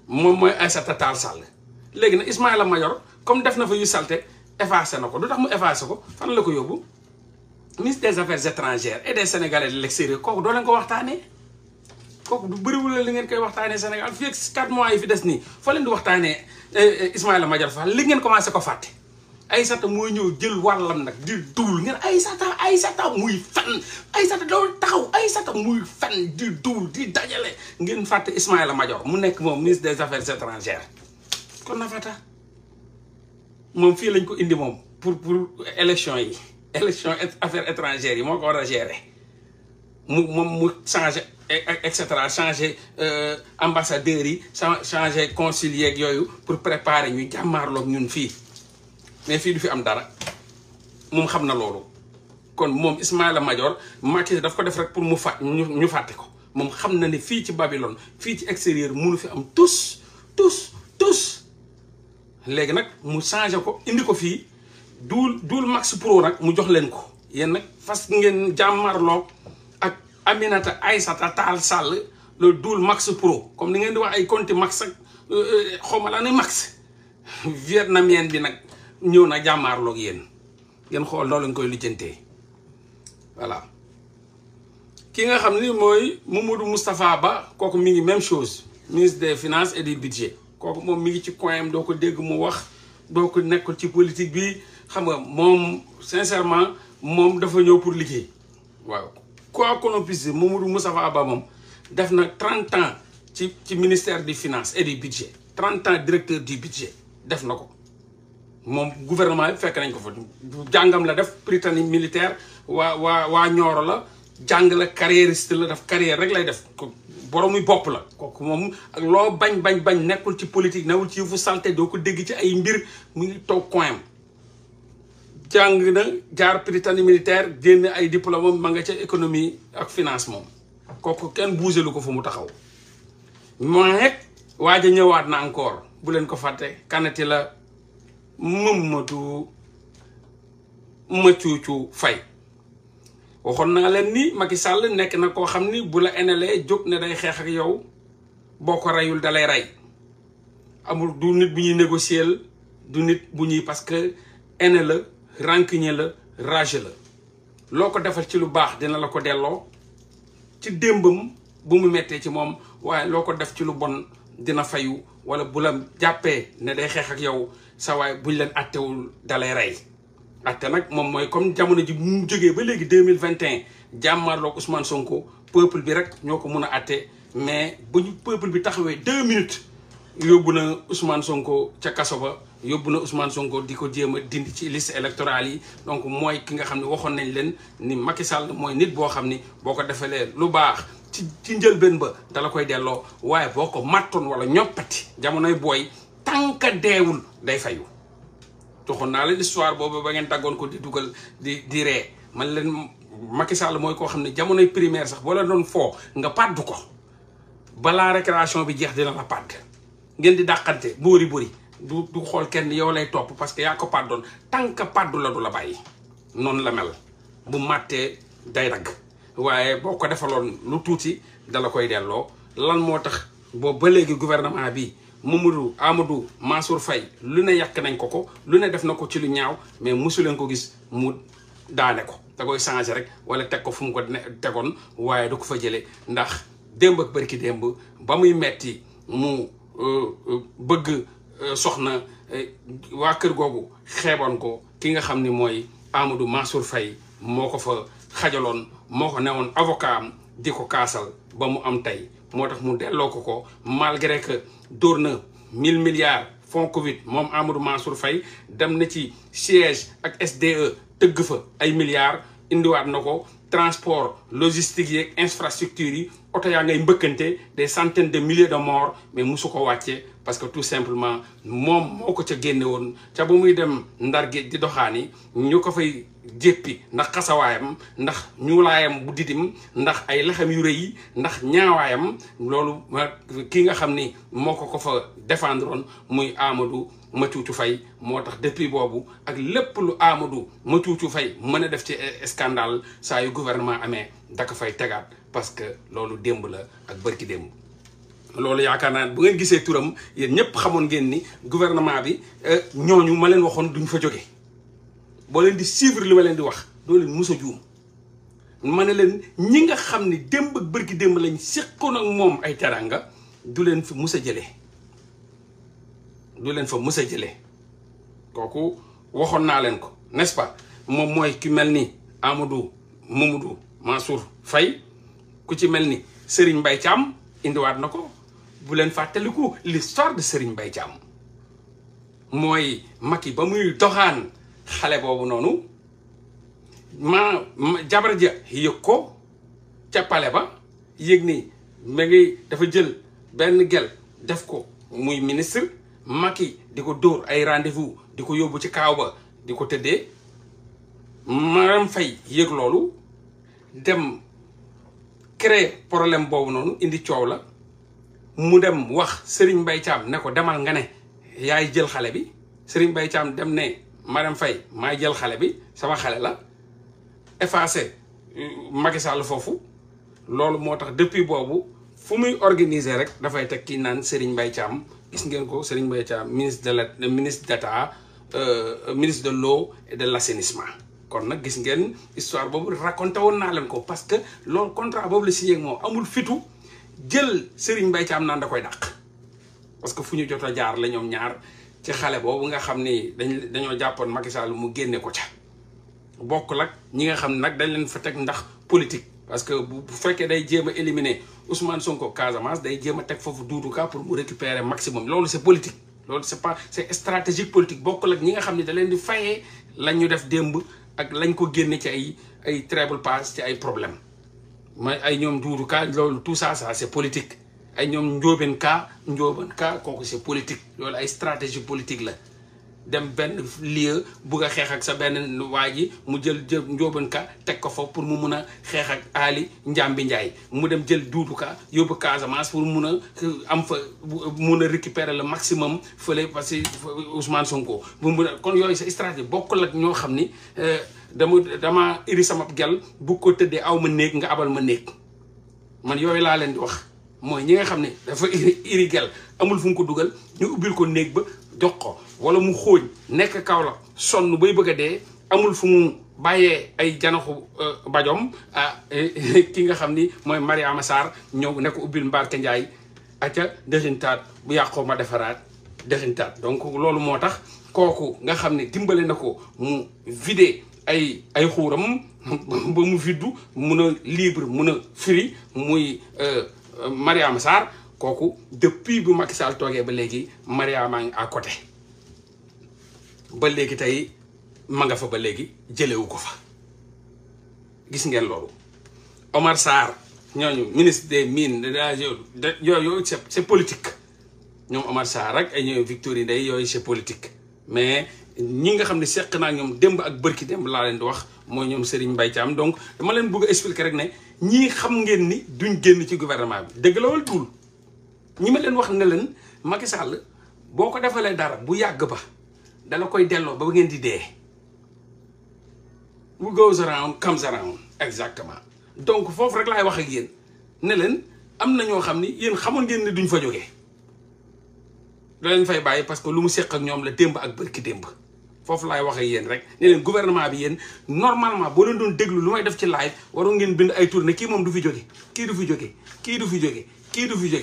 moom mooy Aïssata Tall Sall léegi nag Ismaïla Madior comme def na fa yu salte effacé na ko du tax mu effacé ko fan la ko yóbbu ministre des affaires étrangères et des sénégalais de l'extérieur kooku doo leen ko waxtaanee kooku du bëriwul la li ngeen koy waxtaanee Sénégal fii ak 4 mois yi fi des nii fa leen di waxtaanee eh, Ismaïla Madior Fall li ngeen commencé ko fàtte Aïssata mooy ñëw jël wàllam nag di duwul ngeen Aïssata Aïssata muy fen Aïssata doo taxaw ay Aïssata muy fen di duwul di dajale ngeen fàtte Ismaïla Madior mu nekk moom ministre des affaires étrangères kon na fata moom fii lañ ko indi moom pour pour élection yi élection affaires étrangères yi moo ko war a gérer mu moom changé et cetera changer euh, ambassadeurs yi changer conseil ak yooyu pour préparer ñu jàmmaarloog ñun fii mais fii du fi am dara moom xam na loolu kon moom Ismaïla major Macky daf ko def rek pour mu fa ñu fàtte ko moom xam na ne fii ci Babylone fii ci extérieur munu fi am tous tous tous léegi nag mu changé ko indi ko fii duul duul max pro nag mu jox leen ko yenn nag fas ngeen jàmmarloo ay Aminata Aysata Taal Sall le Doul Max Pro comme ni ngeen di wax ay Conti Max ak euh, euh, xaw ma laa ne Max vietnamien bi nag ñëw na jàmmaarloog yéen ngeen xool loolu lañ koy lijjantee voilà. ki nga xam ni mooy Mamadou Moustapha Ba kooku mi ngi même chose ministre des finance et du budget kooku moom mi ngi ci coin doo ko dégg mu wax doo ko nekkul ci politique bi xam nga moom sincèrement moom dafa ñëw pour liggéey waaw. quoi qu'on en puisse dire Mamadou Moustapha Ba moom def na 30 ans ci ci ministère di finances et du budget 30 ans directeur du budget def na ko moom gouvernement yi fekk nañ ko fa jàngam la def Prytanée militaire waa waa waa Nioro la jàng la carriériste la def carrière rek lay def boroomu bopp la kooku moom ak loo bañ bañ bañ nekkul ci politique newul ci yëfu santé doo ko dégg ci ay mbir mu ngi toog coin jàng na jaar Prytanée militaire génn ay diplôme ma nga ca économie ak finance moom kooku kenn bougé lu ko fu mu taxaw ma nekk waaj ñëwaat na encore bu leen ko fàtte kanati la Mamadou Mathioutou Faye waxoon naa leen ni Macky Sall nekk na koo xam ni bu la enelee jóg ne day xeex ak yow boo ko reyul dalay rey amul du nit bu ñuy négocier du nit bu ñuy parce que ene rancunier la rage la loo ko defal ci lu baax dina la ko delloo ci démbam bu mu mettee ci moom waaye loo ko def ci lu bon dina fayu wala bu la jàppee ne day xeex ak yow sawaay waay buñ leen attewul dalay rey atte nag moom mooy comme jamono ji mu jógee ba léegi deux mille vingt et un jàmmarloog Ousmane Sonko peuple bi rek ñoo ko mun a atte mais bu ñu peuple bi taxawee deux minutes yóbbu na Ousmane Sonko ca kaso ba yóbbu na Ousmane Sonko di ko jéem a dindi ci list électorale yi donc mooy ki nga xam ne waxoon nañ leen ni Macky Sall mooy nit boo xam ni boo ko defalee lu baax ci ci njëlbeen ba dala koy delloo waaye boo ko mattoon wala ñoppati jamonoy booy tànka deewul day fayu toxoon naa leen boobu ba ngeen tàggoon ko di dugal di di ree man leen Macky Sall mooy koo xam ne jamonoy primaire sax boo la doon foo nga pàddu ko balaa récréation bi jeex dina la pàdd ngeen di dàqante bóori bóori du du xool kenn yow lay topp parce que yaa ko pàddoon tant que pàddu la du la bàyyi noonu la mel bu màttee day ragg waaye boo ko defaloon lu tuuti dala koy delloo lan moo tax boo ba léegi gouvernement bi Mamadou Amadou Mansour fay lu ne yàq nañ ko ko lu ne def na ko ci lu ñaaw mais mosu leen ko gis mu daane ko da koy changé rek wala teg ko fu mu ko tegoon waaye du ko fa jëlee ndax démb ak bërki démb ba muy metti mu euh, euh, bëgg Euh, soxna euh, waa kër googu xeeboon ko ki nga xam ni mooy Amadou Mansour fay moo ko fa xajaloon moo ko newoon avocat di ko kaasal ba mu am tey moo tax mu delloo ko ko malgré que dóor na mille milliards fonds Covid moom Amadou Mansour fay dem na ci siège ak SDE tëgg fa ay milliards indiwaat na ko transport logistique yeeg infrastructure yi oto yaa ngay mbëkkante des centaines de milliers de morts mais su ko wàcce parce que tout simplement moom moo ko ca génne woon ca bu muy dem ndar gi di doxaani ñu ko fay jéppi ndax xasawaayam ndax ñuulaayam bu didim ndax ay laxam yu rëy yi ndax ñaawaayam loolu ki nga xam ni moo ko ko fa défendre woon muy Amadou Mathioutou Faye moo tax depuis boobu ak lépp lu Amadou Mathioutou Faye mën a def ci scandale saa yu gouvernement amee da fay tegaat parce que loolu démb la ak bërki démb loolu yaakaar naa bu ngay gisee turam yéen ñëpp xamoon ngeen ni gouvernement bi euh, ñooñu ma leen waxoon duñ fa jóge boo leen di suivre li ma leen di wax doo leen mus a juum ma ne leen ñi nga xam ni démb ak bërki démb lañ seqoon ak moom ay teranga du leen fa mus a jëlee du leen fa mus jëlee kooku waxoon naa leen ko n'est-ce moom mooy ki mel ni Amadou Mamadou Mansour fay ku ci mel ni Serigne Mbaye Thiam indiwaat na ko bu leen fàttaliku l'histoire de Serigne Mbaye Thiam mooy Macky ba muy doxaan xale boobu noonu ma jabar ja yëg ko ca pale ba yëg ni ma dafa jël benn gel def ko muy ministre Macky di ko dóor ay rendez di ko yóbbu ci kaaw ba di ko tëddee Marème fay yëg loolu dem créer problème boobu noonu indi coow la mu dem wax Serigne Mbaye Thiam ne ko demal nga ne yaay jël xale bi Serigne Mbaye Thiam dem ne Marème Faye maay jël xale bi sama xale la effacé euh, Macky Sall foofu loolu moo tax depuis boobu fu muy organiser rek dafay teg kii naan Serigne Mbaye Thiam gis ngeen ko Serigne Mbaye Thiam ministre de la euh, ministre d'État euh, ministre de l'eau et de l'assainissement kon nag gis ngeen histoire boobu raconté woon naa leen ko parce que loolu contrat boobu la si ak moom amul fitu jël Serigne Mbaye Thiam naan da koy dàq parce que fu ñu jot a jaar la ñoom ñaar ci xale boobu nga xam ni dañu dañoo jàppoon Macky mu génne ko ca bokk lak ñi nga xam nag dañ leen fa teg ndax politique. parce que bu fekkee day jéem a éliminer Ousmane Sonko Casamance day jéem a teg foofu Doudou Ka pour mu récupérer maximum loolu c'est politique. loolu c'est pas c'est stratégique politique bokkul ak ñi nga xam ne daleen leen di fayee la ñu def démb ak lañ ko génnee ci ay ay treble pass ci ay problème man ay ñoom duudu kaa loolu tout ça ça politique ay ñoom njóobeen kaa njóobeen kaa kooku c'est politique loolu ay stratégie politique la dem benn lieu bugg a xeex ak sa benn waa ji mu jël jël njóobanka teg ko fa pour mu mun a xeex ak Ali Njambi Njaay mu dem jël duutuka yóbbu Casamance pour mun a am fa mun a récupérer le maximum fële parce que Ousmane Sonko bu a kon yooyu sa stratégie bokk ak ñoo xam ni euh, dama dama iri sama gel bu ko tëddee aw ma néeg nga abal ma néeg man yooyu laa leen di wax mooy ñi nga xam ne dafa iri iri gel amul fu mu ko dugal ñu ubbil ko néeg ba jox ko wala mu xóoj nekk kaw la sonn bay bëgg a dee amul fu mu bàyyee ay janaxu euh, bajom ah, eh, ki nga xam ni mooy Mariama saar ñëw nekk ubbil Mbarké Ndiaye acca dëxintaat bu yàqoo ma defaraat dëxintaat donc loolu moo tax kooku nga xam ne dimbale na ko mu vidé ay ay xuuram ba mu viddu mun a libre mun a firi muy euh, Mariama Sarr kooku depuis bu Macky Sall toogee ba léegi Mariama ngi à côté ba léegi tey ma nga fa ba léegi jëlewu ko fa gis ngeen loolu Omar Sarr ñooñu ministre des mines de yooyu c'est politique ñoom Omar Sarr ak ay ñooy Victorine Ndeye yooyu se politique mais ñi nga xam ni seq naa ñoom démb ak bërki démb laa leen di wax mooy ñoom Serigne Mbaye Thiam donc dama leen bëgg a rek ne ñii xam ngeen ni duñ génn ci gouvernement bi dëgg la wala ñi ma leen wax ne leen Macky Sall boo ko defalee dara bu yàgg ba dala koy delloo ba ngeen di dee who goes around comes around exactement donc foofu rek laay wax ak yéen ne leen am na ñoo xam ni yéen xamoon ngeen ne duñ fa jóge da leen fay bàyyi parce que lu mu seq ak ñoom la démb ak bërki démb foofu laay wax ak yéen rek ne leen gouvernement bi yéen normalement boo leen doon déglu lu may def ci live waroon ngeen bind ay tour kii moom du fi jóge kii du fi jóge kii du fi jóge kii du jóge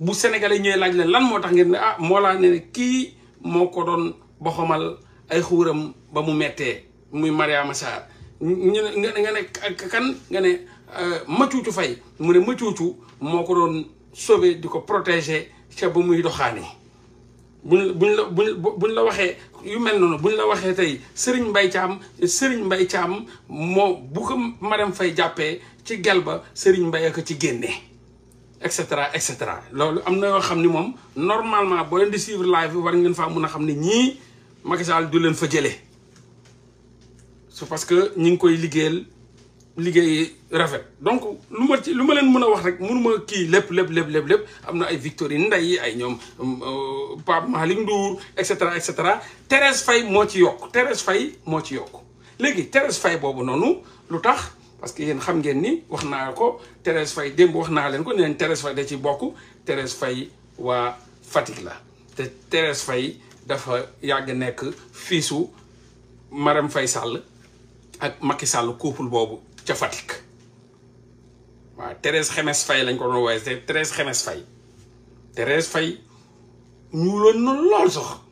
bu sénégalais ñooy laaj la lan moo tax ngeen ne ah moo laa ne kii moo ko doon boxomal ay xuuram ba mu mettee muy Mariama Sarr ñu ne nga ne kan nga ne euh, Mathioutou fay mu ne Mathioutou moo ko doon sauver di ko protéger ca ba muy doxaane bu buñ la buñ buñ la waxee yu mel noonu buñ la waxee tey Serigne Mbaye Thiam Serigne moo bu ko Marème fay jàppee ci gel ba Serigne Mbaye ak ci génne et cetera et cetera loolu am na yoo xam ni moom normalement boo leen di suivre live bi war ngeen faa mun a xam ni ñii Macky du leen fa jëlee c'est parce que ñi ngi koy liggéeyal liggéey rafet donc lu ma ci lu ma leen mën a wax rek mënuma kii lépp lépp lépp lépp lépp am na ay Victorine Ndeye ay ñoom euh, euh, Pape Malick Ndour et cetera et cetera Thérèse Faye moo ci yokk Thérèse fay moo ci yokk léegi Thérèse Faye boobu noonu lu tax parce que yéen xam ngeen ni wax naa ko Thérèse Faye démb wax naa leen ko ne leen Thérèse Faye da ci bokk Thérèse waa Fatick la te Thérèse dafa yàgg nekk fiisu Marème fay Sall ak Macky sàll couple boobu ca fatik waaw Thérèse Xemes Faye lañ ko doon woowee Thérèse Xemes Faye Thérèse Faye ñuuloon na lool sax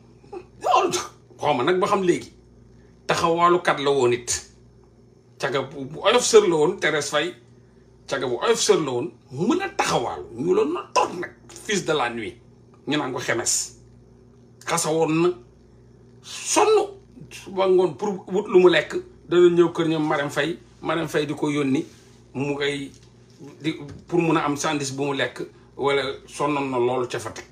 lool sax xaw ma nag ba xam léegi taxawaalukat la woon it caga bu bu oyof sër la woon bu oyof sër a taxawaal ñu la na de la nuit ñu naan ko xemes xasawoon na sonn suba ngoon pour wut lu mu lekk dana ñëw kër ñoom Marème fay Marème fay di ko yónni mu koy di pour mun a am sandis bu mu lekk wala sonnoon na loolu ca fa teg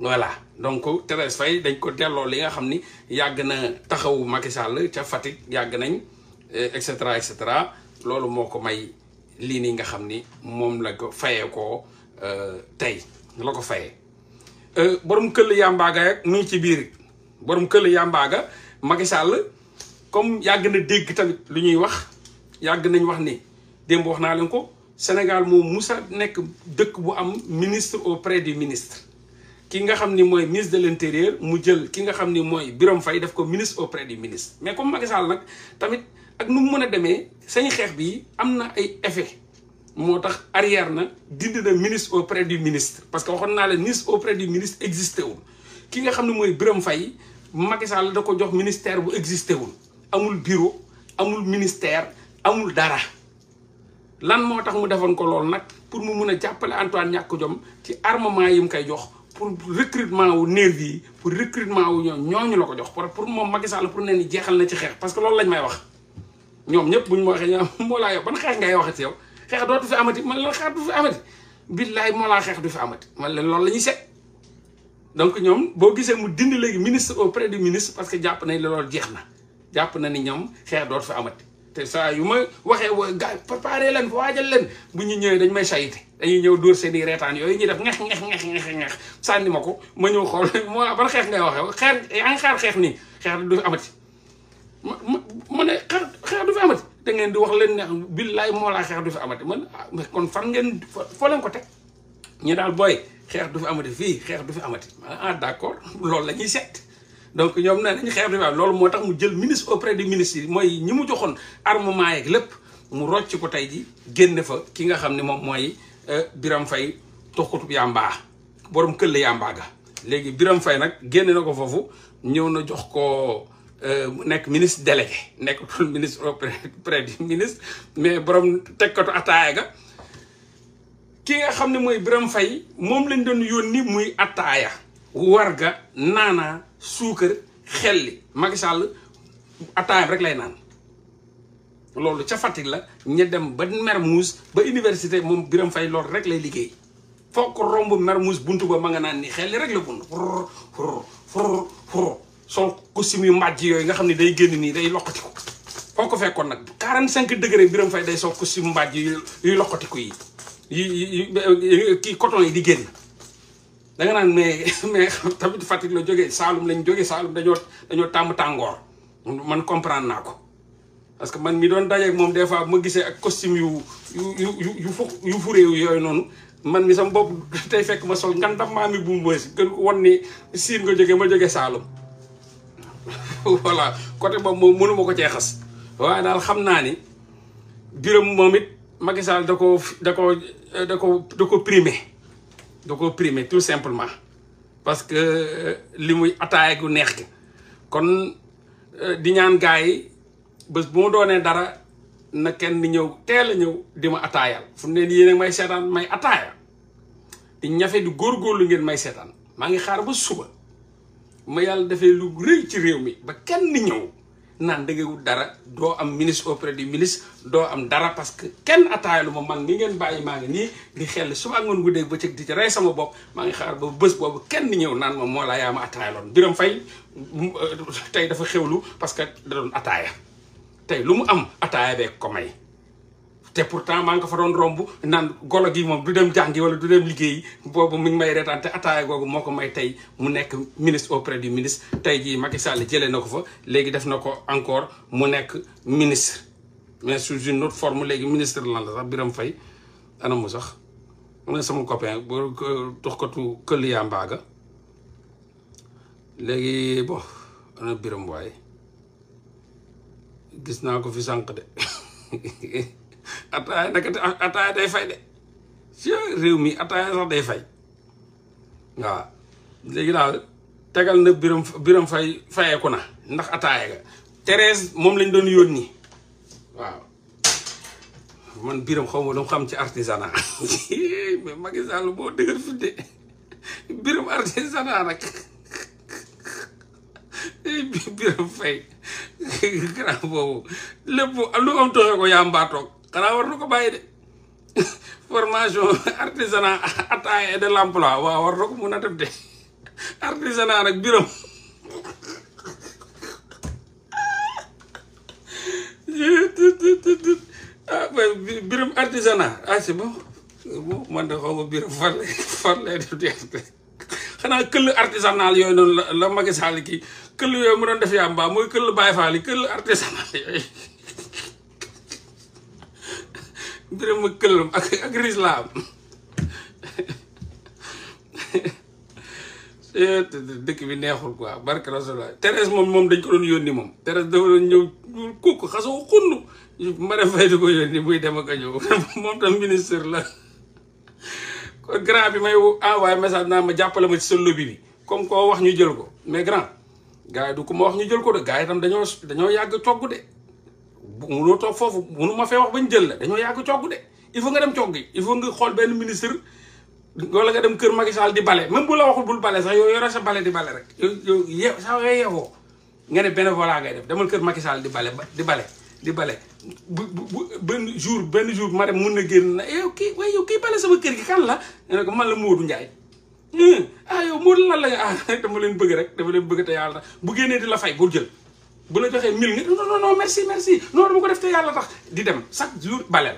voilà donc Thérèse Faye dañ ko delloo li nga xam ni yàgg na taxawu Macky Sall ca Fatick yàgg nañ et cetera et cetera loolu moo ko may lii nii nga xam ni moom la ko fayee koo euh, tey la ko fayee euh, borom këll yàmbaaga yak mu ngi ci biir borom këll yàmbaaga Macky Sall comme yàgg na dégg tamit lu ñuy wax yàgg nañ wax ni démb wax naa leen ko Sénégal moom musa nekk dëkk bu am ministre auprès du ministre ki nga xam ni mooy ministre de l'intérieur mu jël ki nga xam ni mooy Birame fay def ko ministre auprès du ministre mais comme Macky Sall nag tamit ak nu mu mën a demee sañ xeex bi am na ay effet moo tax arrière na dindi na ministre auprès du ministre parce que waxoon naa la ministre auprès du ministre existé ki nga xam ne mooy Birame Faye Macky Sall da ko jox ministère bu existé wul amul bureau amul ministère amul dara lan moo tax mu defoon ko loolu nag pour mu mun a jàppale Antoine ñàkk jom ci armement yi mu koy jox pour recrutement wu nervi yi pour recrutement wu ñoom ñooñu la ko jox pour moom Macky la pour ne ni jeexal na ci xeex parce que loolu lañ may wax ñoom ñëpp buñ ma waxee ñu moo laa yow ban xeex ngay waxati yow xeex dootu fi amati man la xeex du fi amati billaay xeex du amati man la loolu la ñuy seet donc ñoom boo gisee mu dindi léegi ministre auprès du ministre parce que jàpp nañ la loolu jeex na jàpp na ni ñoom xeex dootu fi amati te saa yu ma waxee wa gars préparé leen waajal leen bu ñu ñëwee dañ may sayite dañuy ñëw dóor seen i reetaan yooyu ñuy def ngex ngex ngex ngex ngex sànni ma ko ma ñëw xool moo ban xeex ngay waxee xeer yaa ngi xaar xeex nii xeer du fi amati ma ma ne xeer xeer amati da ngeen di wax leen ne billaay moo laa xeex du fi amati man ah, kon fan ngeen foo leen ko teg ñu daal booy xeex du fi amati fii xeex du fi amati ah d'accord loolu lañuy ñuy donc ñoom naa ñu nañu xeex tubaab loolu moo tax mu jël ministre auprès du ministre mooy ñi mu joxoon armement yeeg lépp mu rocc ko tey ji génne fa ki nga xam ne moom mooy euh, Biram Fay toxkatub yàmbaa borom këll yàmbaa ga léegi Biram Fay nag génne na ko foofu ñëw na jox ko euh, mu nekk ministre délégué nekkatul ministre auprès du ministre mais borom tegkatu attaaya ga ki nga xam ne mooy Biram Fay moom lañ doon yónni muy attaaya warga naanaa suukar xelli Macky Sall ataayam rek lay naan loolu ca Fatick la ñu dem ba Mermoz ba université moom biram fay lool rek lay liggéey fokk romb Mermoz bunt ba ma nga naan ni xelli rek la bund furr furr furr sol costume yu mbàjj yooyu nga xam ne day génn nii day loqatiku oo ko fekkoon nag cinq degré Birame fay day soo costume mbàjj yuy loqatiku yi yi kii coton yi di génn danga nga naan mais mais tamit Fatick la jógee Saalum lañ jóge Saalum dañoo dañoo tàmm tàngoor man comprendre naa ko parce que man mi doon dajeeg moom des fois bu ma gisee ak costume yu yu yu yu fu yu furéew yooyu noonu man mi sama bopp tey fekk ma sol ngan daf maa mi bu mu gën won ni siin nga jógee ma jógee Saalum voilà côté boobu moom mënu ko cee xas waaye daal xam naa ni Birame moom it Macky da ko da ko da ko da ko da ko primé tout simplement parce que euh, li muy ataaya gu neex ki kon euh, di ñaan gars yi bés bu ma doonee dara na kenn di ñëw teela ñëw di ma ataayal fu mu ne nii yéen may seetaan may ataaya di ñafe di lu ngeen may seetaan maa ngi xaar ba suba ma yàlla defee lu rëy ci réew mi ba kenn ñëw. naan da dara doo am ministre auprès du ministre doo am dara parce que kenn lu ma man ni ngeen bàyyi maa ngi nii di xel suba ngoon guddeeg bëccëg di ci rey sama bopp maa ngi xaar ba bés boobu kenn ñëw naan ma moo laa yaa ma ataayaloon Birame Faye euh, tey dafa xewlu parce que da doon ataaya tey lu mu am ataaya beeg ko may te pourtant maa ko fa doon romb naan golo gi moom du dem jàngi wala du dem liggéeyi boobu mi ngi may reetaan te attaaya googu moo ko may tey mu nekk ministre auprès du ministre tey jii Macky Sall jëlee na ko fa léegi def na ko encore mu nekk ministre mais sous une autre forme léegi ministre lan la sax Birame Faye ana mu sax mu ne sama copain boo dox katu këll yaa mbaaga léegi bon ana Birame waaye gis naa ko fi sànq de ataaya ndekete ataaya day fay de si réew mi ataaya sax day fay waaw léegi daal tegal na biram fay fayeeku na ndax ataaya ga Thérèse moom lañ doon yónni waaw man biram xaw ma lu xam ci artisanat mais Macky Sall dëgër fi biram artisanat nag eh, biram fay grand boobu lépp lu am toxee ko yaa mbaa xanaa war na ko bàyyi de formation artisanat ataaya de l'emploi waaw war na ko mun a def de artisanat nag biram ah, biram artisanat ah c'est bon bon man de xaw biram fan lay def di xanaa këll artisanal yooyu noonu la la Macky Sall kii yooyu mu doon def yàmbaa mooy këll Baye Fall yi këll artisanal yooyu dërëm ak këllam ak ak rislaam dëkk bi neexul ko barke rasulaay Thérèse moom moom dañ ko doon ni moom Thérèse dafa doon ñëw kukk xasoo xunn Marème Faye di ko yónni muy dem ak a ñëw moom tam ministre la kon grand bi may envoyé message naa ma jàppale ma ci sa lobby bi comme koo wax ñu jël ko mais grand gars yi du ku ma wax ñu jël ko de gars yi tam dañoo yàgg togg de mënoo toog foofu mënu ma fee wax bañ jël la dañoo yàgg cogg de il faut nga dem cogg il faut nga xool benn ministre wala nga dem kër Macky di bale même la waxul bul bale sax yow yore sa bale di bale rek yow nga ne bénévolat ngay def demal kër Macky Sall di bale di bale di bale bu jour benn jour ma dem mun na génn na eh, yow kii kii bale sama kër gi kan la nga ne ko man la Modou Ndiaye eh, ah yow Modou lan la ah dama leen bëgg rek dama leen bëgg te yàlla bu génnee di la fay bul jël. bu la joxee mille nga non non merci merci non dama ko def te yàlla tax di dem chaque jour baleel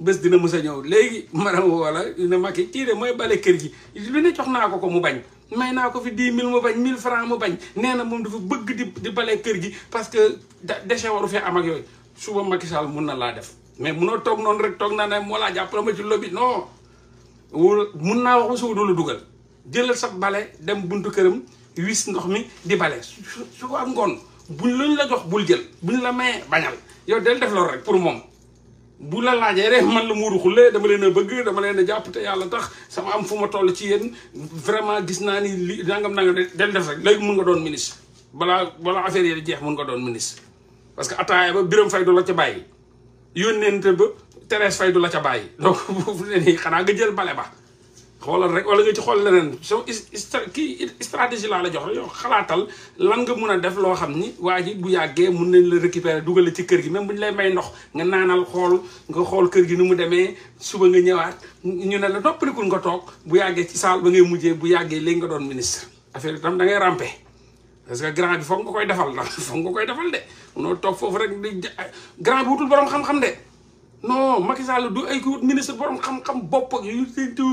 bés dina mës ñëw léegi maram wala ne ma kii mooy bale kër gi lu ne jox naa ko ko mu bañ may naa ko fi dix mille mu bañ mille franc mu bañ nee na moom dafa bëgg di di kër gi parce que déchet waru fee am ak yooyu suba Macky Sall na laa def mais munoo toog noonu rek toog naa moo laa jàppale ma ci lobby non mun naa wax suba du la dugal sa bale dem buntu këram wis ndox mi di bale su ko am ngoon bu ñu la jox bul jël bu ñu la mayee bañal yow del def loolu rek pour moom bu la laajee rek man la muuru xulle dama leen a bëgg dama leen a jàpp te yàlla tax sama am fu ma toll ci yéen vraiment gis naa ni li nangam nangam del def rek léegi mun nga doon ministre balaa balaa affaire yi jeex mun nga doon ministre parce que ataaya ba Birame Faye du la ca bàyyi yónneente ba Thérèse Faye du la ca bàyyi donc bu ne nii xanaa nga jël bale ba xoolal rek wala nga ci xool leneen so ki stratégie laa la jox yow xalaatal lan nga mun a def loo xam ni waa ji bu yàggee mun nañ la récupérer dugal ci kër gi même bu ñu lay may ndox nga naanal xool nga xool kër gi nu mu demee suba nga ñëwaat ñu ne la noppalikul nga toog bu yàggee ci saal ba ngay mujjee bu yàggee léegi nga doon ministre affaire tam da ngay parce que grand bi foog nga koy defal ndax foog nga koy defal de munoo toog foofu rek di grand bi wutul borom xam-xam de non Macky Sall du ay ko wut borom xam bopp ak yu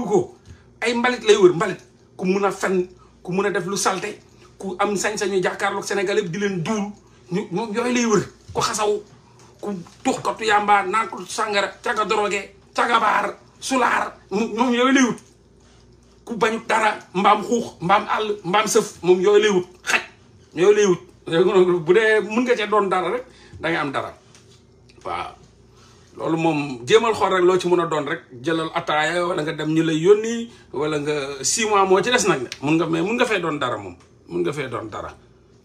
ko ay mbalit lay wër mbalit ku mun a fen ku mun a def lu salte ku am sañ-sañu jàkkaarloog Sénégal di leen duul ñu moom yooyu lay wër ku xasaw ku tuxkatu yàmba naan ko sàngara caga drogué caga baar sulaar moom yooyu lay wut ku bañut dara mbaam xuux mbaam àll mbaam sëf moom yooyu lay wut xaj yooyu lay wut bu nga cee doon dara rek da am dara waaw loolu moom jéemal xool rek loo ci mun a doon rek jëlal ataaya wala nga dem ñu lay yónni wala nga six mois moo ci des nag ne mun nga mais mun nga doon dara moom mun nga fee doon dara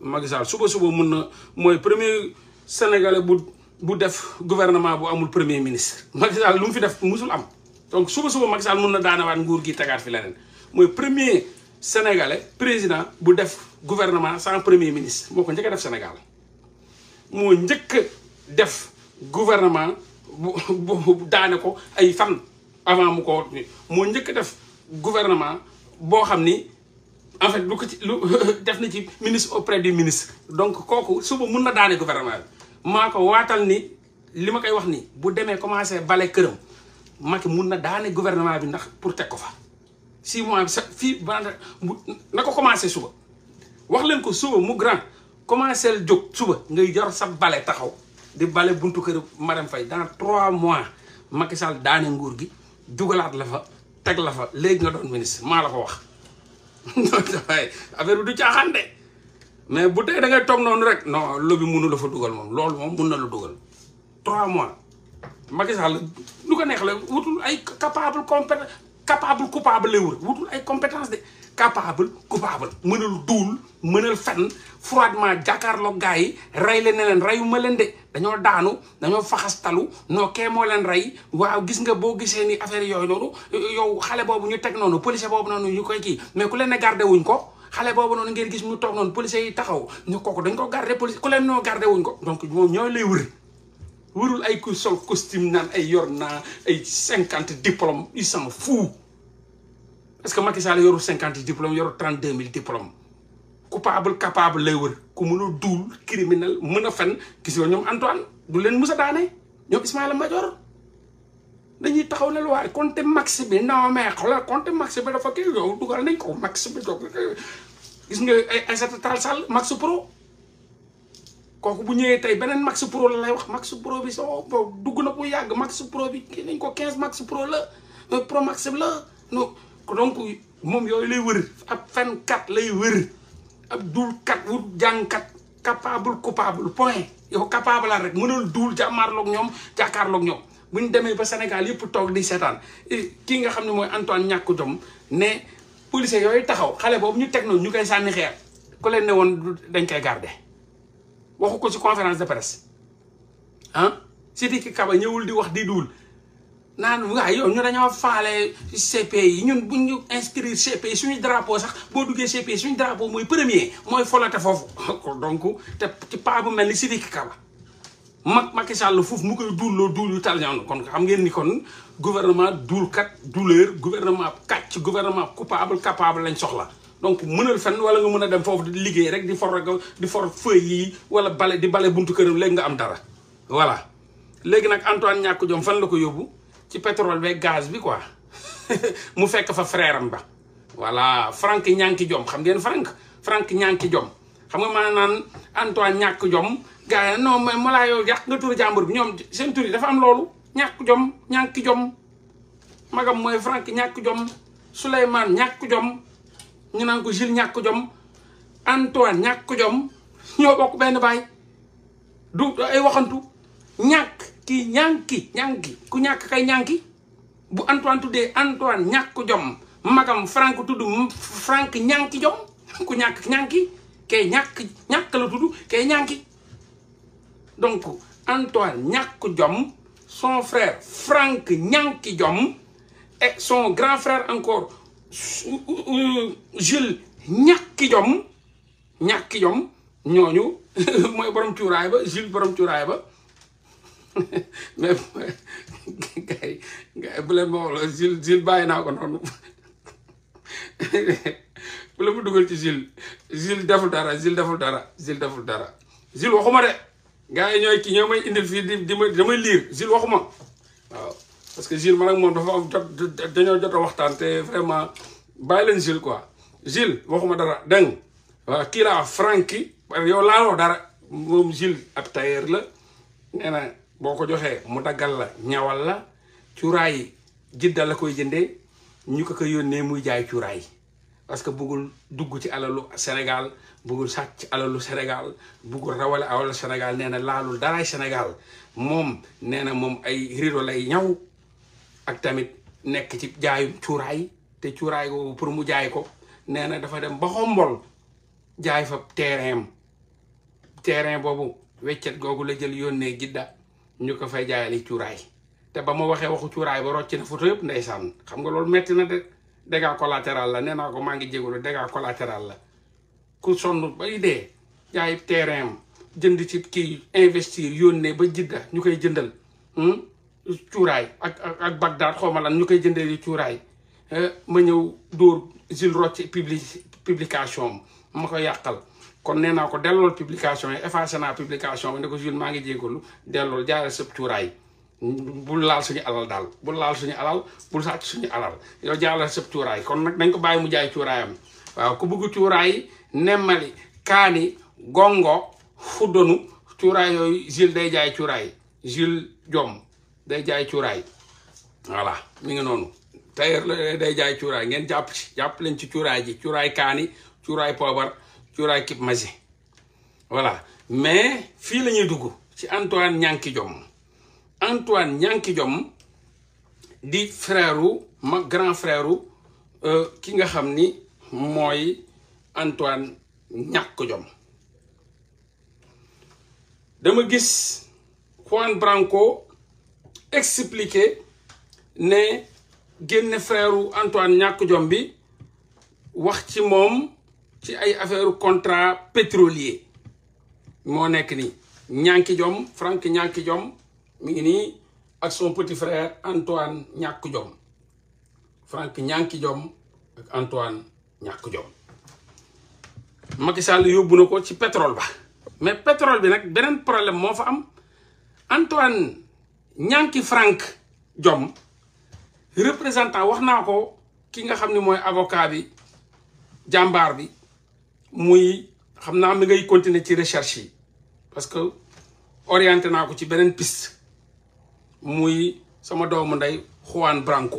Macky Sall suba suba mun na mooy premier sénégalais bu bu def gouvernement bu amul premier ministre Macky lu mu fi def musul am donc suba suba Macky Sall mun na daanawaat nguur gi tegaat fi leneen mooy premier sénégalais président bu def gouvernement sans premier ministre moo ko njëkk def Sénégal moo njëkk def gouvernement daane ko ay fan avant mu ko moo njëkk def gouvernement boo xam ni en fait lu ko ci lu def na ci ministre auprès du ministre donc kooku suba mun na daanee gouvernement bi maa ko waatal ni li ma koy wax ni bu demee commencé bale këram Macky mun na daane gouvernement bi ndax pour teg ko fa six mois fii sax fii na ko commencé suba wax leen ko suba mu grand commencé jóg suba ngay jar sa bale taxaw di bale buntu kër Marème fay dans trois mois Macky Sall daane nguur gi jugalaat la fa teg la fa léegi nga doon ministre maa la ko wax affaire bi du caaxaan de mais bu tey da ngay toog noonu rek non lobi mënu fa dugal moom loolu moom mun na lu dugal trois mois Macky lu ko neex la wutul ay capable compétence capable coupable la wutul ay compétence de capable coupable mënal duul mënal fen froidement jàkkaarloog gars yi rey leen ne leen reyu ma leen de dañoo daanu dañoo faxastalu noo kee moo leen rey waaw gis nga boo gisee ni affaire yooyu noonu yow xale boobu ñu teg noonu policier boobu noonu ñu koy kii mais ku leen ne garde wuñ ko xale boobu noonu ngeen gis mu toog noonu policier yi taxaw ñu kooku dañ ko garde police ku leen noo garde wuñ ko donc moom ñoo lay wër wërul ay ku sol costume naan ay yor naa ay cinquante diplôme il s'en fout parce ce que Macky Sall yoru cinquante diplôme yoru trente deux mille diplôme coupable capable lay wër ku mën a duul criminel mën a fen gis nga ñoom Antoine du leen mus a daane ñoom Ismaïla Madior dañuy taxaw nel la waaye compte max bi non mais xoolal compte max bi dafa kii yow dugal nañ ko max gis nga ay Aïssata Tall Sall max pro kooku bu ñëwee tey beneen max pro la lay wax max pro bi dugg na bu yàgg max pro bi kii nañ ko quinze max pro la pro max la donc moom yooyu lay wër ab fenkat lay wër ab duulkat wu jàngkat capable coupable point yow capable la rek mënul duul jàmmaarloog ñoom jàkkaarloog ñoom bu ñu demee ba Sénégal yëpp toog di seetaan eh, kii nga xam ne mooy Antoine ñàkk doom ne policier yooyu taxaw xale boobu ñu teg noonu ñu koy sànni xeer ku leen ne woon dañ koy garde waxu ko si conférence de presse ah Sidiki Kaba ñëwul di wax di duul naan waaye yow ñu dañoo faale CP yi ñun bu ñu inscrire CP suñu drapeau sax boo duggee CP suñu drapeau mooy premier mooy folote foofu. donc te ci paa bu mel ni Sidiki Kaba mag Macky Sall foofu mu koy loo duul yu tal ñoom kon xam ngeen di kon gouvernement duulkat douleur gouvernement kàcc gouvernement coupable capable lañ soxla. donc mënal fen wala nga mën a dem foofu di liggéey rek di for di for feuille yi wala bale di bale buntu këram léegi nga am dara. voilà léegi nag Antoine ñàkk jom fan la ko yóbbu. ci pétrole beeg gaz bi quoi mu fekk fa frère am ba voilà Frank ñànki jom xam ngeen Frank Frank ñànki jom xam nga maanaam Antoine ñàkk jom gars yi non mais mu nga turu jàmbur bi ñoom seen tur am loolu ñàkk jom ñànki jom magam mooy Frank ñàkk jom Souleymane ñàkk jom ñu naan ko Gilles ñàkk jom Antoine ñàkk jom ñoo bokk benn baay du ay waxantu ñàkk kii ñànki ñànki ku ñàkk kay ñànki bu Antoine tuddee Antoine ñàkk jom magam Franck tudd Franck ñànki jom ku ñàkk ñànki kay ñàkk ñàkk la tudd kay ñànki donc Antoine ñàkk jom son frère Franck ñànki jom son grand frère encore euh, euh, Jules ñàkki jom ñàkki jom ñooñu mooy borom cuuraay ba Jules borom cuuraay ba mais gars yi bu leen ma wax la Jules Jules bàyyi naa ko noonu bu leen ma dugal ci Jules Jules deful dara Jules deful dara Jules deful dara Jules waxuma de gars yi ñooy kii ñoo may indil fii ma damay liir Jules waxuma waaw parce que Jules man ak moom dafa jot jot waxtaan te vraiment bàyyi leen Jules quoi Jules waxuma dara dégg waaw kii laa Francky yow laaloo dara moom Jules ab tailleur la boo ko joxee mu daggal la ñawal la cuuraay yi jidda la koy jëndee ñu ko ko yónnee muy jaay cuuraay parce que buggul dugg ci alalu Sénégal buggul sàcc alalu Sénégal buggul rawale awal Sénégal nee na laalul daray Sénégal moom nee na moom ay rido lay ñaw ak tamit nekk ci jaayum cuuraay te cuuraay boobu pour mu jaay ko nee na dafa dem ba xombol jaay fa terrain terrain boobu weccet googu la jël yónnee jidda ñu ko fay jaayali cuuraay te ba ma waxee waxu cuuraay ba rocc na photo yëpp ndeysaan xam nga loolu metti na de dégâts collatéral la nee naa ko maa ngi jégalu dégâts collatéral la ku sonn bay dee jaay terrain am jënd ci kii investir yónnee ba jidda ñu koy jëndal hmm? cuuraay ak ak Bagdad xaw ma lan ñu koy jëndee di cuuraay eh, ma ñëw dóor Jules Rocce publication ma ko yàqal kon neena ko dellool publication yi effacé naa publication bi ne ko Jules maa ngi jégalu dellool jaaree sëb cuuraay bul laal suñu alal daal bul laal suñu alal bul sàcc suñu alal yow jaaree sëb cuuraay kon nag nañ ko bàyyi mu jaay cuuraayam waaw ku bëgg cuuraay nemmali kaani gongo fuddanu cuuraay yooyu Jules day jaay cuuraay jul Diome day jaay cuuraay voilà mi ngi noonu tailleur day jaay cuuraay ngeen jàpp jàpp leen ci cuuraay ji cuuraay kaani cuuraay poobar cuuraay kib magi voilà mais fii lañuy dugg ci Antoine Ñanki jom Antoine Ñanki jom di frère u grand frère euh, ki nga xam ni mooy Antoine Ñàkk Diome dama gis Juan Branco expliqué ne génne frère Antoine Ñàkk jom bi wax ci moom ci ay affaire contrat pétrolier moo nekk ni ñànki jom Frank ñànki jom mi ngi nii ak Antoine ñàkk jom Frank ñànki jom ak ñàkk jom Macky Sall yóbbu na ko ci pétrole ba mais pétrole bi nag beneen problème moo fa am Antoine ñànki Frank jom représentant wax naa ko ki nga xam ne mooy avocat bi jàmbaar bi muy xam naa mi ngay continuer ci recherche yi parce que orienté naa ko ci beneen piste muy sama doomu ndey Juan Branco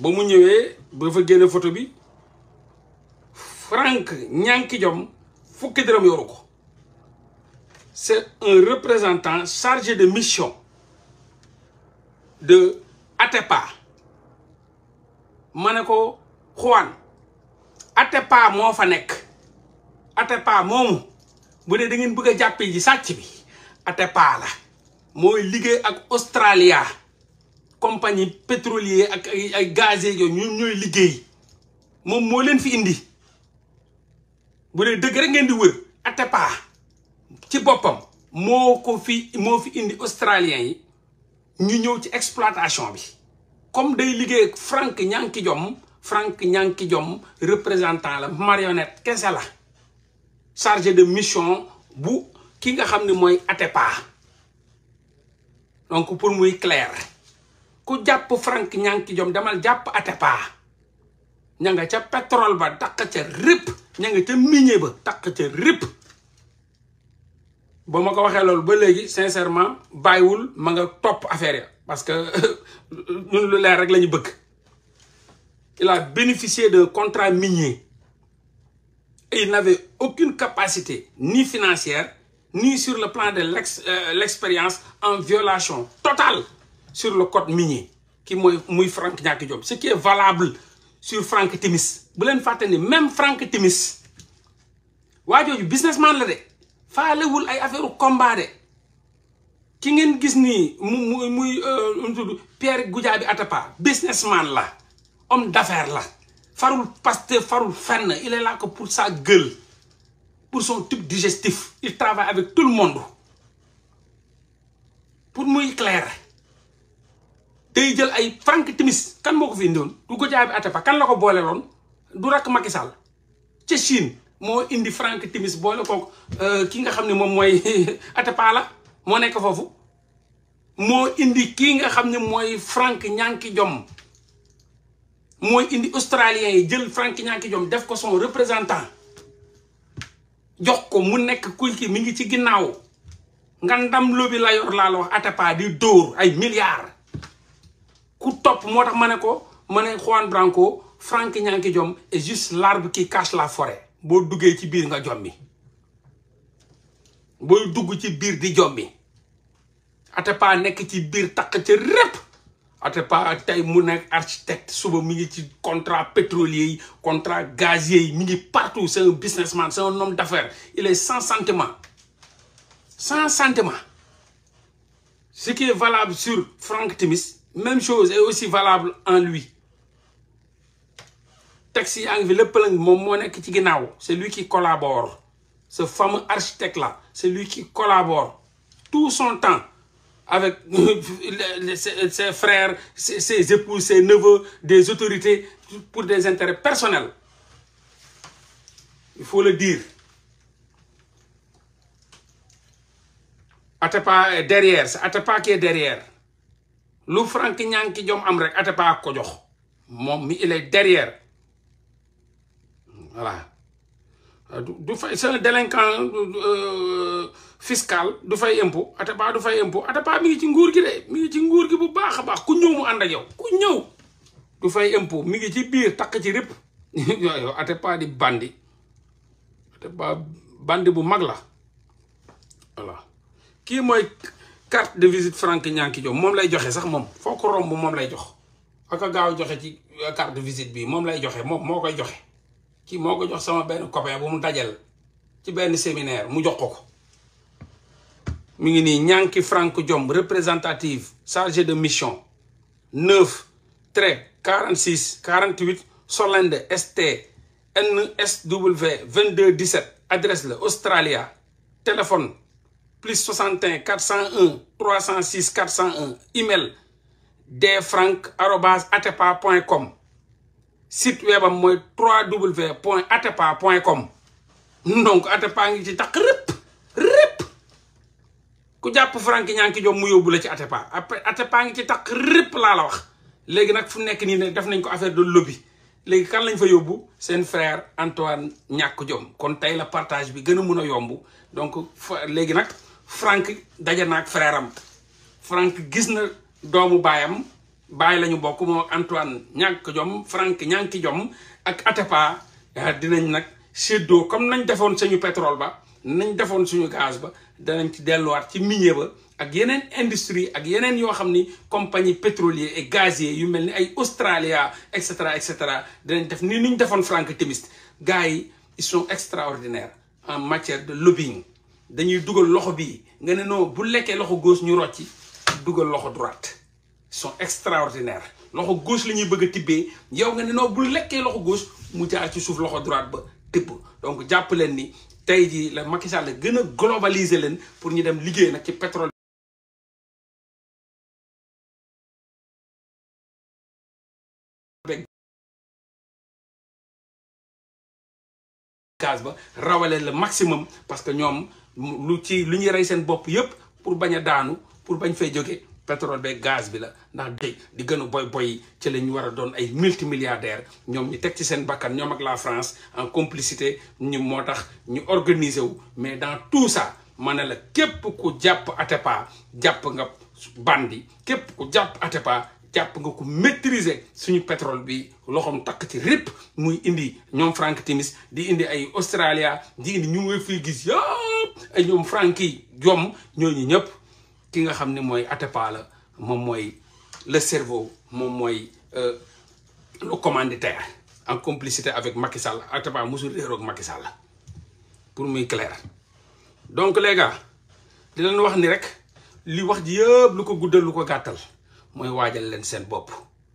ba mu ñëwee ba fa génne photo bi Frank ñànki jom fukki dërëm yoru ko c'est un représentant chargé de mission de Atepa ma ne ko Juan Atepa moo fa nekk Atepa moomu bu dee da ngeen bëgg a jàppee ji sàcc bi Atepa la mooy liggéey ak Australia compagnie pétrolier ak ay ay gaz yooyu ñoom ñooy liggéey moom moo leen fi indi bu dee dëgg rek ngeen di wër Atepa ci boppam moo ko fi moo fi indi australien yi ñu ñëw ci exploitation bi comme day liggéey ak Frank Ñanki Jom Frank Ñanki Jom représentant la marionnette kese la chargé de mission bu ki nga xam ne mooy Atepa donc pour muy clair ku jàpp Frank ñanki jom demal jàpp Atepa ña nga ca pétrole ba takk ca rëpp ña nga ca minier ba takk ca rëpp ba ma ko waxee loolu ba léegi sincèrement bàyyiwul ma nga topp affaire ya parce que lu leer rek la ñu bëgg il a bénéficié d'un contrat minier Et il n'avait aucune capacité, ni financière, ni sur le plan de euh, l'expérience, euh, en violation totale sur le code minier, qui est Franck Niaki Diop. Ce qui est valable sur Franck Timis. Vous ne même Franck Timis, waajooju businessman la de faalewul ay affaire combat de ki ngeen gis nii mu muy euh, Pierre Goudiaby Atepa businessman la homme daffaire la farul Pastef farul fenn il est là que pour sa gël pour son tube digestif il travaille avec tout le monde pour muy claire day jël ay Franck Timis kan moo ko fi indiwoon du ko jaay bi Atepa kan la ko booleloon du rakk Macky Sall moo indi Franck Timis boole ko euh, ki nga xam ne moom mooy Atepa la moo nekk foofu moo indi kii nga xam ne mooy frank ñànki jom mooy indi australien yi jël Franky Ñanki Jom def ko son représentant jox ko mu nekk kuy ki mi ngi ci ginnaaw nga ndam lobi la yor laa wax Atepa di dóor ay milliards ku topp moo tax ma ne ko ma ne Juan Branco Franky Ñanki Jom est juste l'arbre qui cache la forêt boo duggee ci biir nga jombi booy dugg ci biir di jombi Atepa nekk ci biir takk ca répp Atepa tey mu nekk architecte suba mi ngi ci contrat pétrolier yi contrat gazier yi mu ngi partout c'est un businessman c'est un homme d'affaires il est sans sentiment sans sentiment ce qui est valable sur Franck Timis même chose est aussi valable en lui taxi yaa ngi fi lépp lañ moom moo nekk ci ginnaaw c'est lui qui collabore ce fameux architecte la c'est lui qui collabore tout son temps avec ses frères, ses époux, ses neveux, des autorités pour des intérêts personnels. Il faut le dire. Atepa est derrière, c'est Atepa qui est derrière. lu Frank Niang ki jom am rek Atepa ko jox mi il est derrière voilà du fay c'est un délinquant euh, fiscal du fay impôt Atepa du fay impôt Atepa mi ngi ci nguur gi de mi ngi ci nguur gi bu baax a baax ku ñëw mu ànd a yow ku ñëw du fay impôt mi ngi ci biir takk ci rëpp yow Atepa di bu mag la voilà kii mooy carte de visite Frank Ñanki Jom moom lay joxe sax moom foo ko romb moom lay jox aka gaaw joxe ci euh, carte de visite bi moom lay joxe moom moo koy joxe kii moo ko jox sama benn copain bu mu dajal ci benn séminaire mu jox ko ko mi ngi nii Ñànki Frank jomm représentative chargé de mission 9 trait 46 48 Solende ST NSW 22 17 adresse la Australia téléphone plus 61 401 306 401 email dfranc arobase atepa point com site webam mooy 3w point atepa point com donc atepa ngi ci tax rëpp rëpp ku jàpp Franky Ñanki Diop mu yóbbu la ci Atepa après Atepa ngi ci takk rëpp laa la wax léegi nag fu nekk nii ne def nañ ko affaire de lobby léegi kan lañ fa yóbbu seen frère Antoine ñàkk jom kon tey la partage bi gën a mun a yomb donc léegi nag Frank daje na ak frère am Frank gis na doomu baayam baay lañu ñu bokk moom ak Antoine ñàkk jom Frank ñànki jom ak Atepa ah, dinañ nag séddoo comme nañ defoon sañu pétrole ba nañ defoon suñu gaz ba danañ ci delluwaat ci minier ba ak yeneen industrie ak yeneen yoo xam ni compagnie pétrolier et gazier yu mel ni ay Australia et cetera et cetera danañ def ni ñu defoon Frank Timis gars yi ils sont extraordinaires en matière de lobbying dañuy dugal loxo bii nga ne noo bu lekkee loxo gauche ñu rocci dugal loxo droite ils sont loxo goos la ñuy bëgg a tibbee yow nga ne noo bu lekkee loxo gauche mu jaar ci suuf loxo droite ba tibb donc jàpp leen ni tey jii la Macky la gën a globaliser leen pour ñu dem liggéey nag ci pétrole beeg gaz ba rawaleen le maximum parce que ñoom lu ci lu ñu rey seen bopp yépp pour bañ a daanu pour bañ fay jógee pétrole beeg gaz bi la ndax dëj di gën a boy boy ci la ñu war a doon ay multimilliardaires ñoom ñu teg ci seen bakkan ñoom ak la France en complicité ñu moo tax ñu organiser wu. mais dans tout sax ma ne la képp ku jàpp Atepa jàpp nga bandi képp ku jàpp Atepa jàpp nga ku maîtriser suñu pétrole bi loxoom takk ci rip muy indi ñoom Frank Timis di indi ay Australia di indi ñu ngi fii gis yëpp ay ñoom Frank yi jom ñooñu ñëpp. ki nga xam ne mooy Atepa la moom mooy le cerveau moom mooy euh, le commanditaire en complicité avec Macky Sall Atepa musul réeroog Macky Sall pour muy clair donc les gars di leen wax ni rek li wax ji yépp lu ko guddal lu ko gàttal mooy waajal leen seen bopp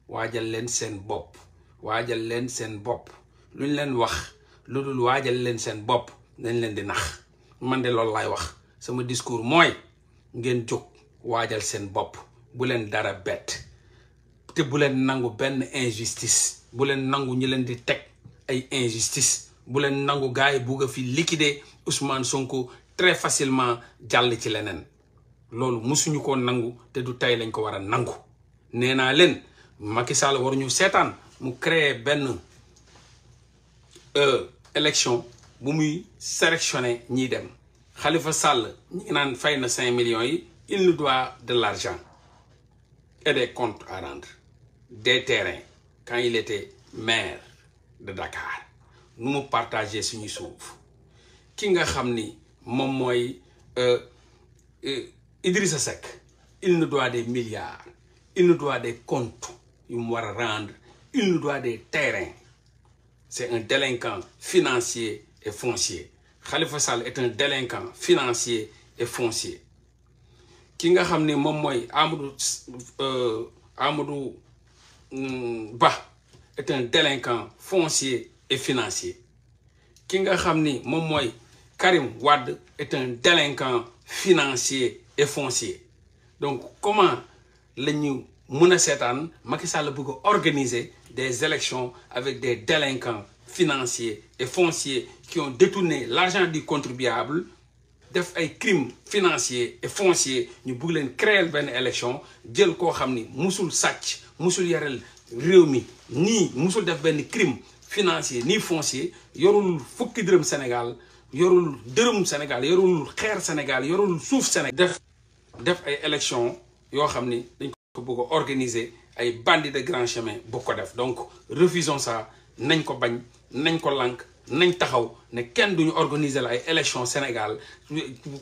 waajal leen seen bopp waajal leen seen bopp lu ñu leen wax lu dul waajal leen seen bopp dañ leen di nax man de loolu laay wax sama discours mooy ngeen jóg waajal seen bopp bu leen dara bett te bu leen nangu benn injustice bu leen nangu ñu leen di teg ay injustice bu leen nangu gars yi fi liquider Ousmane Sonko très facilement jàll ci leneen loolu musuñu ko nangu te du tey lañ ko war a nangu nee naa leen Macky Sall waruñu seetaan mu créer benn euh, élection bu muy sélectionner ñiy dem xalifa Sall ñu ngi naan fay na cinq millions yi il nous doit de l'argent et des comptes à rendre des terrains quand il était maire de Dakar nu mu partagé suñu suuf ki nga xam ni moom mooy euh, euh, Idrissa Seck il nous doit des milliards il nous doit des comptes yu mu war a rendre il nous doit des terrains c'est un délinquant financier et foncier Khalifa Sall est un délinquant financier et foncier ki nga xam ni moom mooy Amadou euh, Amadou hmm, Ba et un délinquant foncier et financier ki nga xam ni moom mooy Karim Wade est un délinquant financier et foncier donc comment la ñu mën a seetaan Macky Sall bëgg a organiser des élections avec des délinquants financier et foncier qui ont détourné l'argent du contribuable def ay crimes financier et foncier ñu bugg leen créel benn élection jël koo xam ni musul sàcc musul yareel réew mi nii musul def benn crime financier nii foncier yorul fukki dërëm Sénégal yorul dërëm Sénégal yorul xeer Sénégal yorul suuf Sénégal def def ay élection yoo xam ni dañ ko bëgg a organiser ay bandits de grand chemin bu ko def donc refusons ça nañ ko bañ nañ ko lànk nañ taxaw ne kenn du ñu organiser la ay élection Sénégal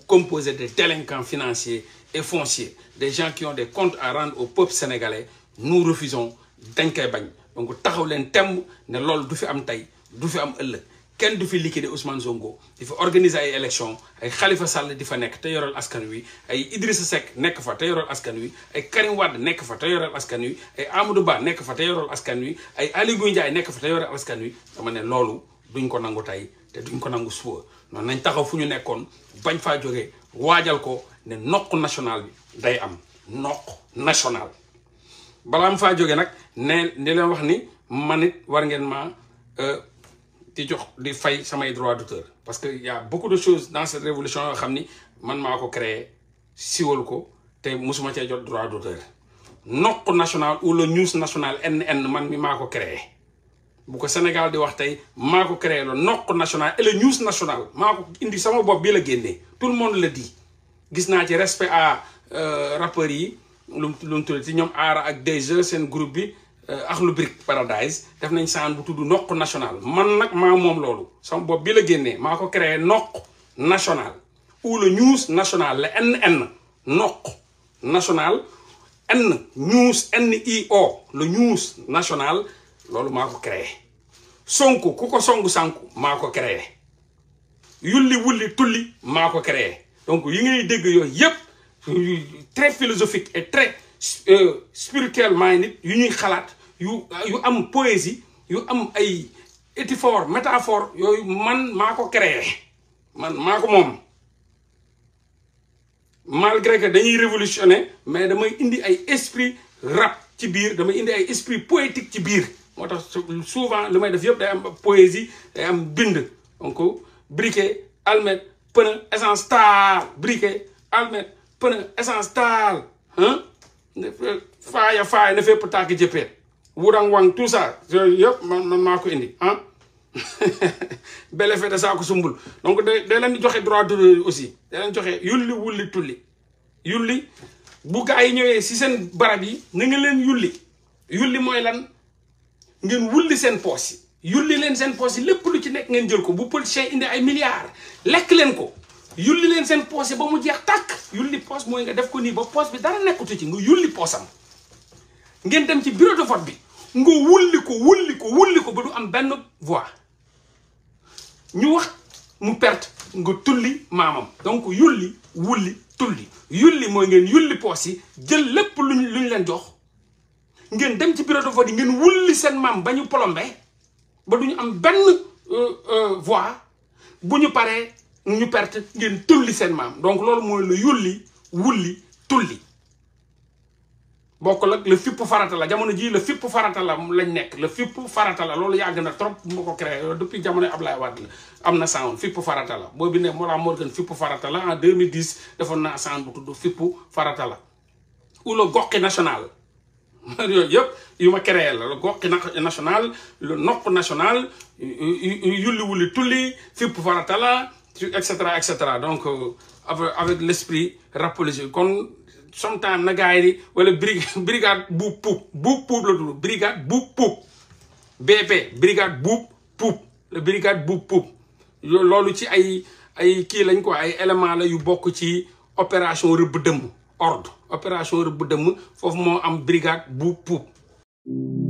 composé de délinquants financiers et foncier des gens qui ont des comptes à rendre au peuple sénégalais nous refusons dañ koy bañ donc taxaw leen temb ne loolu du fi am tey du fi am ëllëg kenn du fi liquider Ousmane Sonko di fa organiser ay élection ay Khalifa Sall di fa nekk te yoral askan wi ay Idrissa Seck nekk fa te yoral askan wi ay Karim nekk fa te yoral askan wi Amadou Ba nekk fa te yoral askan wi ay Aly Ngouille jaay nekk fa te yoral askan wi dama ne loolu duñ ko nangu tey te duñ ko nangu suba noonu nañ taxaw fu ñu nekkoon bañ faa joge waajal ko ne noq national bi day am noq national balaa mu faa jógee nag ne di leen wax ni man it war ngeen ma euh, di jox di fay samay droit d'auteur parce que y a beaucoup de choses dans cette révolution yoo xam ni man maa ko créé siwal ko te musuma cee jot droit d'auteur noq national ou le news national NN man mi maa ko créé bu ko Sénégal di wax tey maa ko créé la noq national et le news national maa ko indi sama bopp bi la génnee tout le monde le dit gis naa ci respect à euh, rappeurs yi lu mu lu mu tudd ñoom aara ak DG seen groupe bi Euh, Akhlou Brick Paradise def nañ saan bu tudd noq national man nag maa moom loolu sama bopp bi la génnee maa ko créé noq national ou le news national la NN noq national N news NIO le news national loolu maa ko créé sonko ku ko songu sànku maa ko créé yulli wulli tulli maa ko créé donc yi ngay dégg yooyu yépp très philosophique et très Euh, spirituellement nit yu ñuy xalaat yu euh, yu am poésie yu am ay étiphore métaphore yooyu man maa ko créé man maa ko moom malgré que dañuy révolutionner mais damay indi ay esprit rap ci biir damay indi ay esprit poétique ci biir moo tax souvent li may def yëpp day am poésie day am bind donc briquet almet pneu essence taal briquet almet pneu essence taal hein faaya faaya na fépp tàkk jëppeet wurang wang tout ça yooyu yëpp man man maa ko indi ah belle fête saa ko sumbul donc da leen joxe droit de aussi da leen joxe yulli wulli tulli yulli bu gaa ñëwee si seen barab yi na nga leen yulli yulli mooy lan ngeen wulli seen poos yi yulli leen seen poos yi lépp lu ci nekk ngeen jël ko bu politicien indi ay milliards lekk leen ko yulli leen seen poche ba mu jeex tàkk yulli poche mooy nga def ko nii ba poche bi dara nekkutu ci nga yulli poosam ngeen dem ci bureau de vote bi nga wulli ko wulli ko wulli ko ba du am benn voix ñu wax mu perte nga tulli maamam donc yulli wulli tulli yulli mooy ngeen yulli poos yi jël lépp luñ luñ leen jox ngeen dem ci bureau de yi ngeen wulli seen maam ba ñu plombé ba du am benn euh, euh, voix bu ñu paree ñu perte ngeen tulli seen maam donc loolu mooy la yulli wulli tulli bokkul ak la fippu farata la jamono jii la fippu farata la lañ nekk la fippu farata la loolu yàgg na trop mu euh, jamono Ablaye Wade am na sound fippu farata la boo bindee Mollah Morgun fippu farata la en 2010 defoon naa sound bu tudd fippu farata la ou goqi national yooyu yëpp yu ma créé la le goqi national le nopp national yulli wulli tulli fippu farata la truc et cetera et cetera donc euh, avec l'esprit rapologique kon sometime na gars yi wala brigade buub puub buub puub la tudd brigade buub puub BP brigade buub puub la brigade buub puub loolu ci ay ay kii lañ ko ay élément la yu bokk ci opération rëbb dëmm ordre opération rëbb dëmm foofu moo am brigade buub puub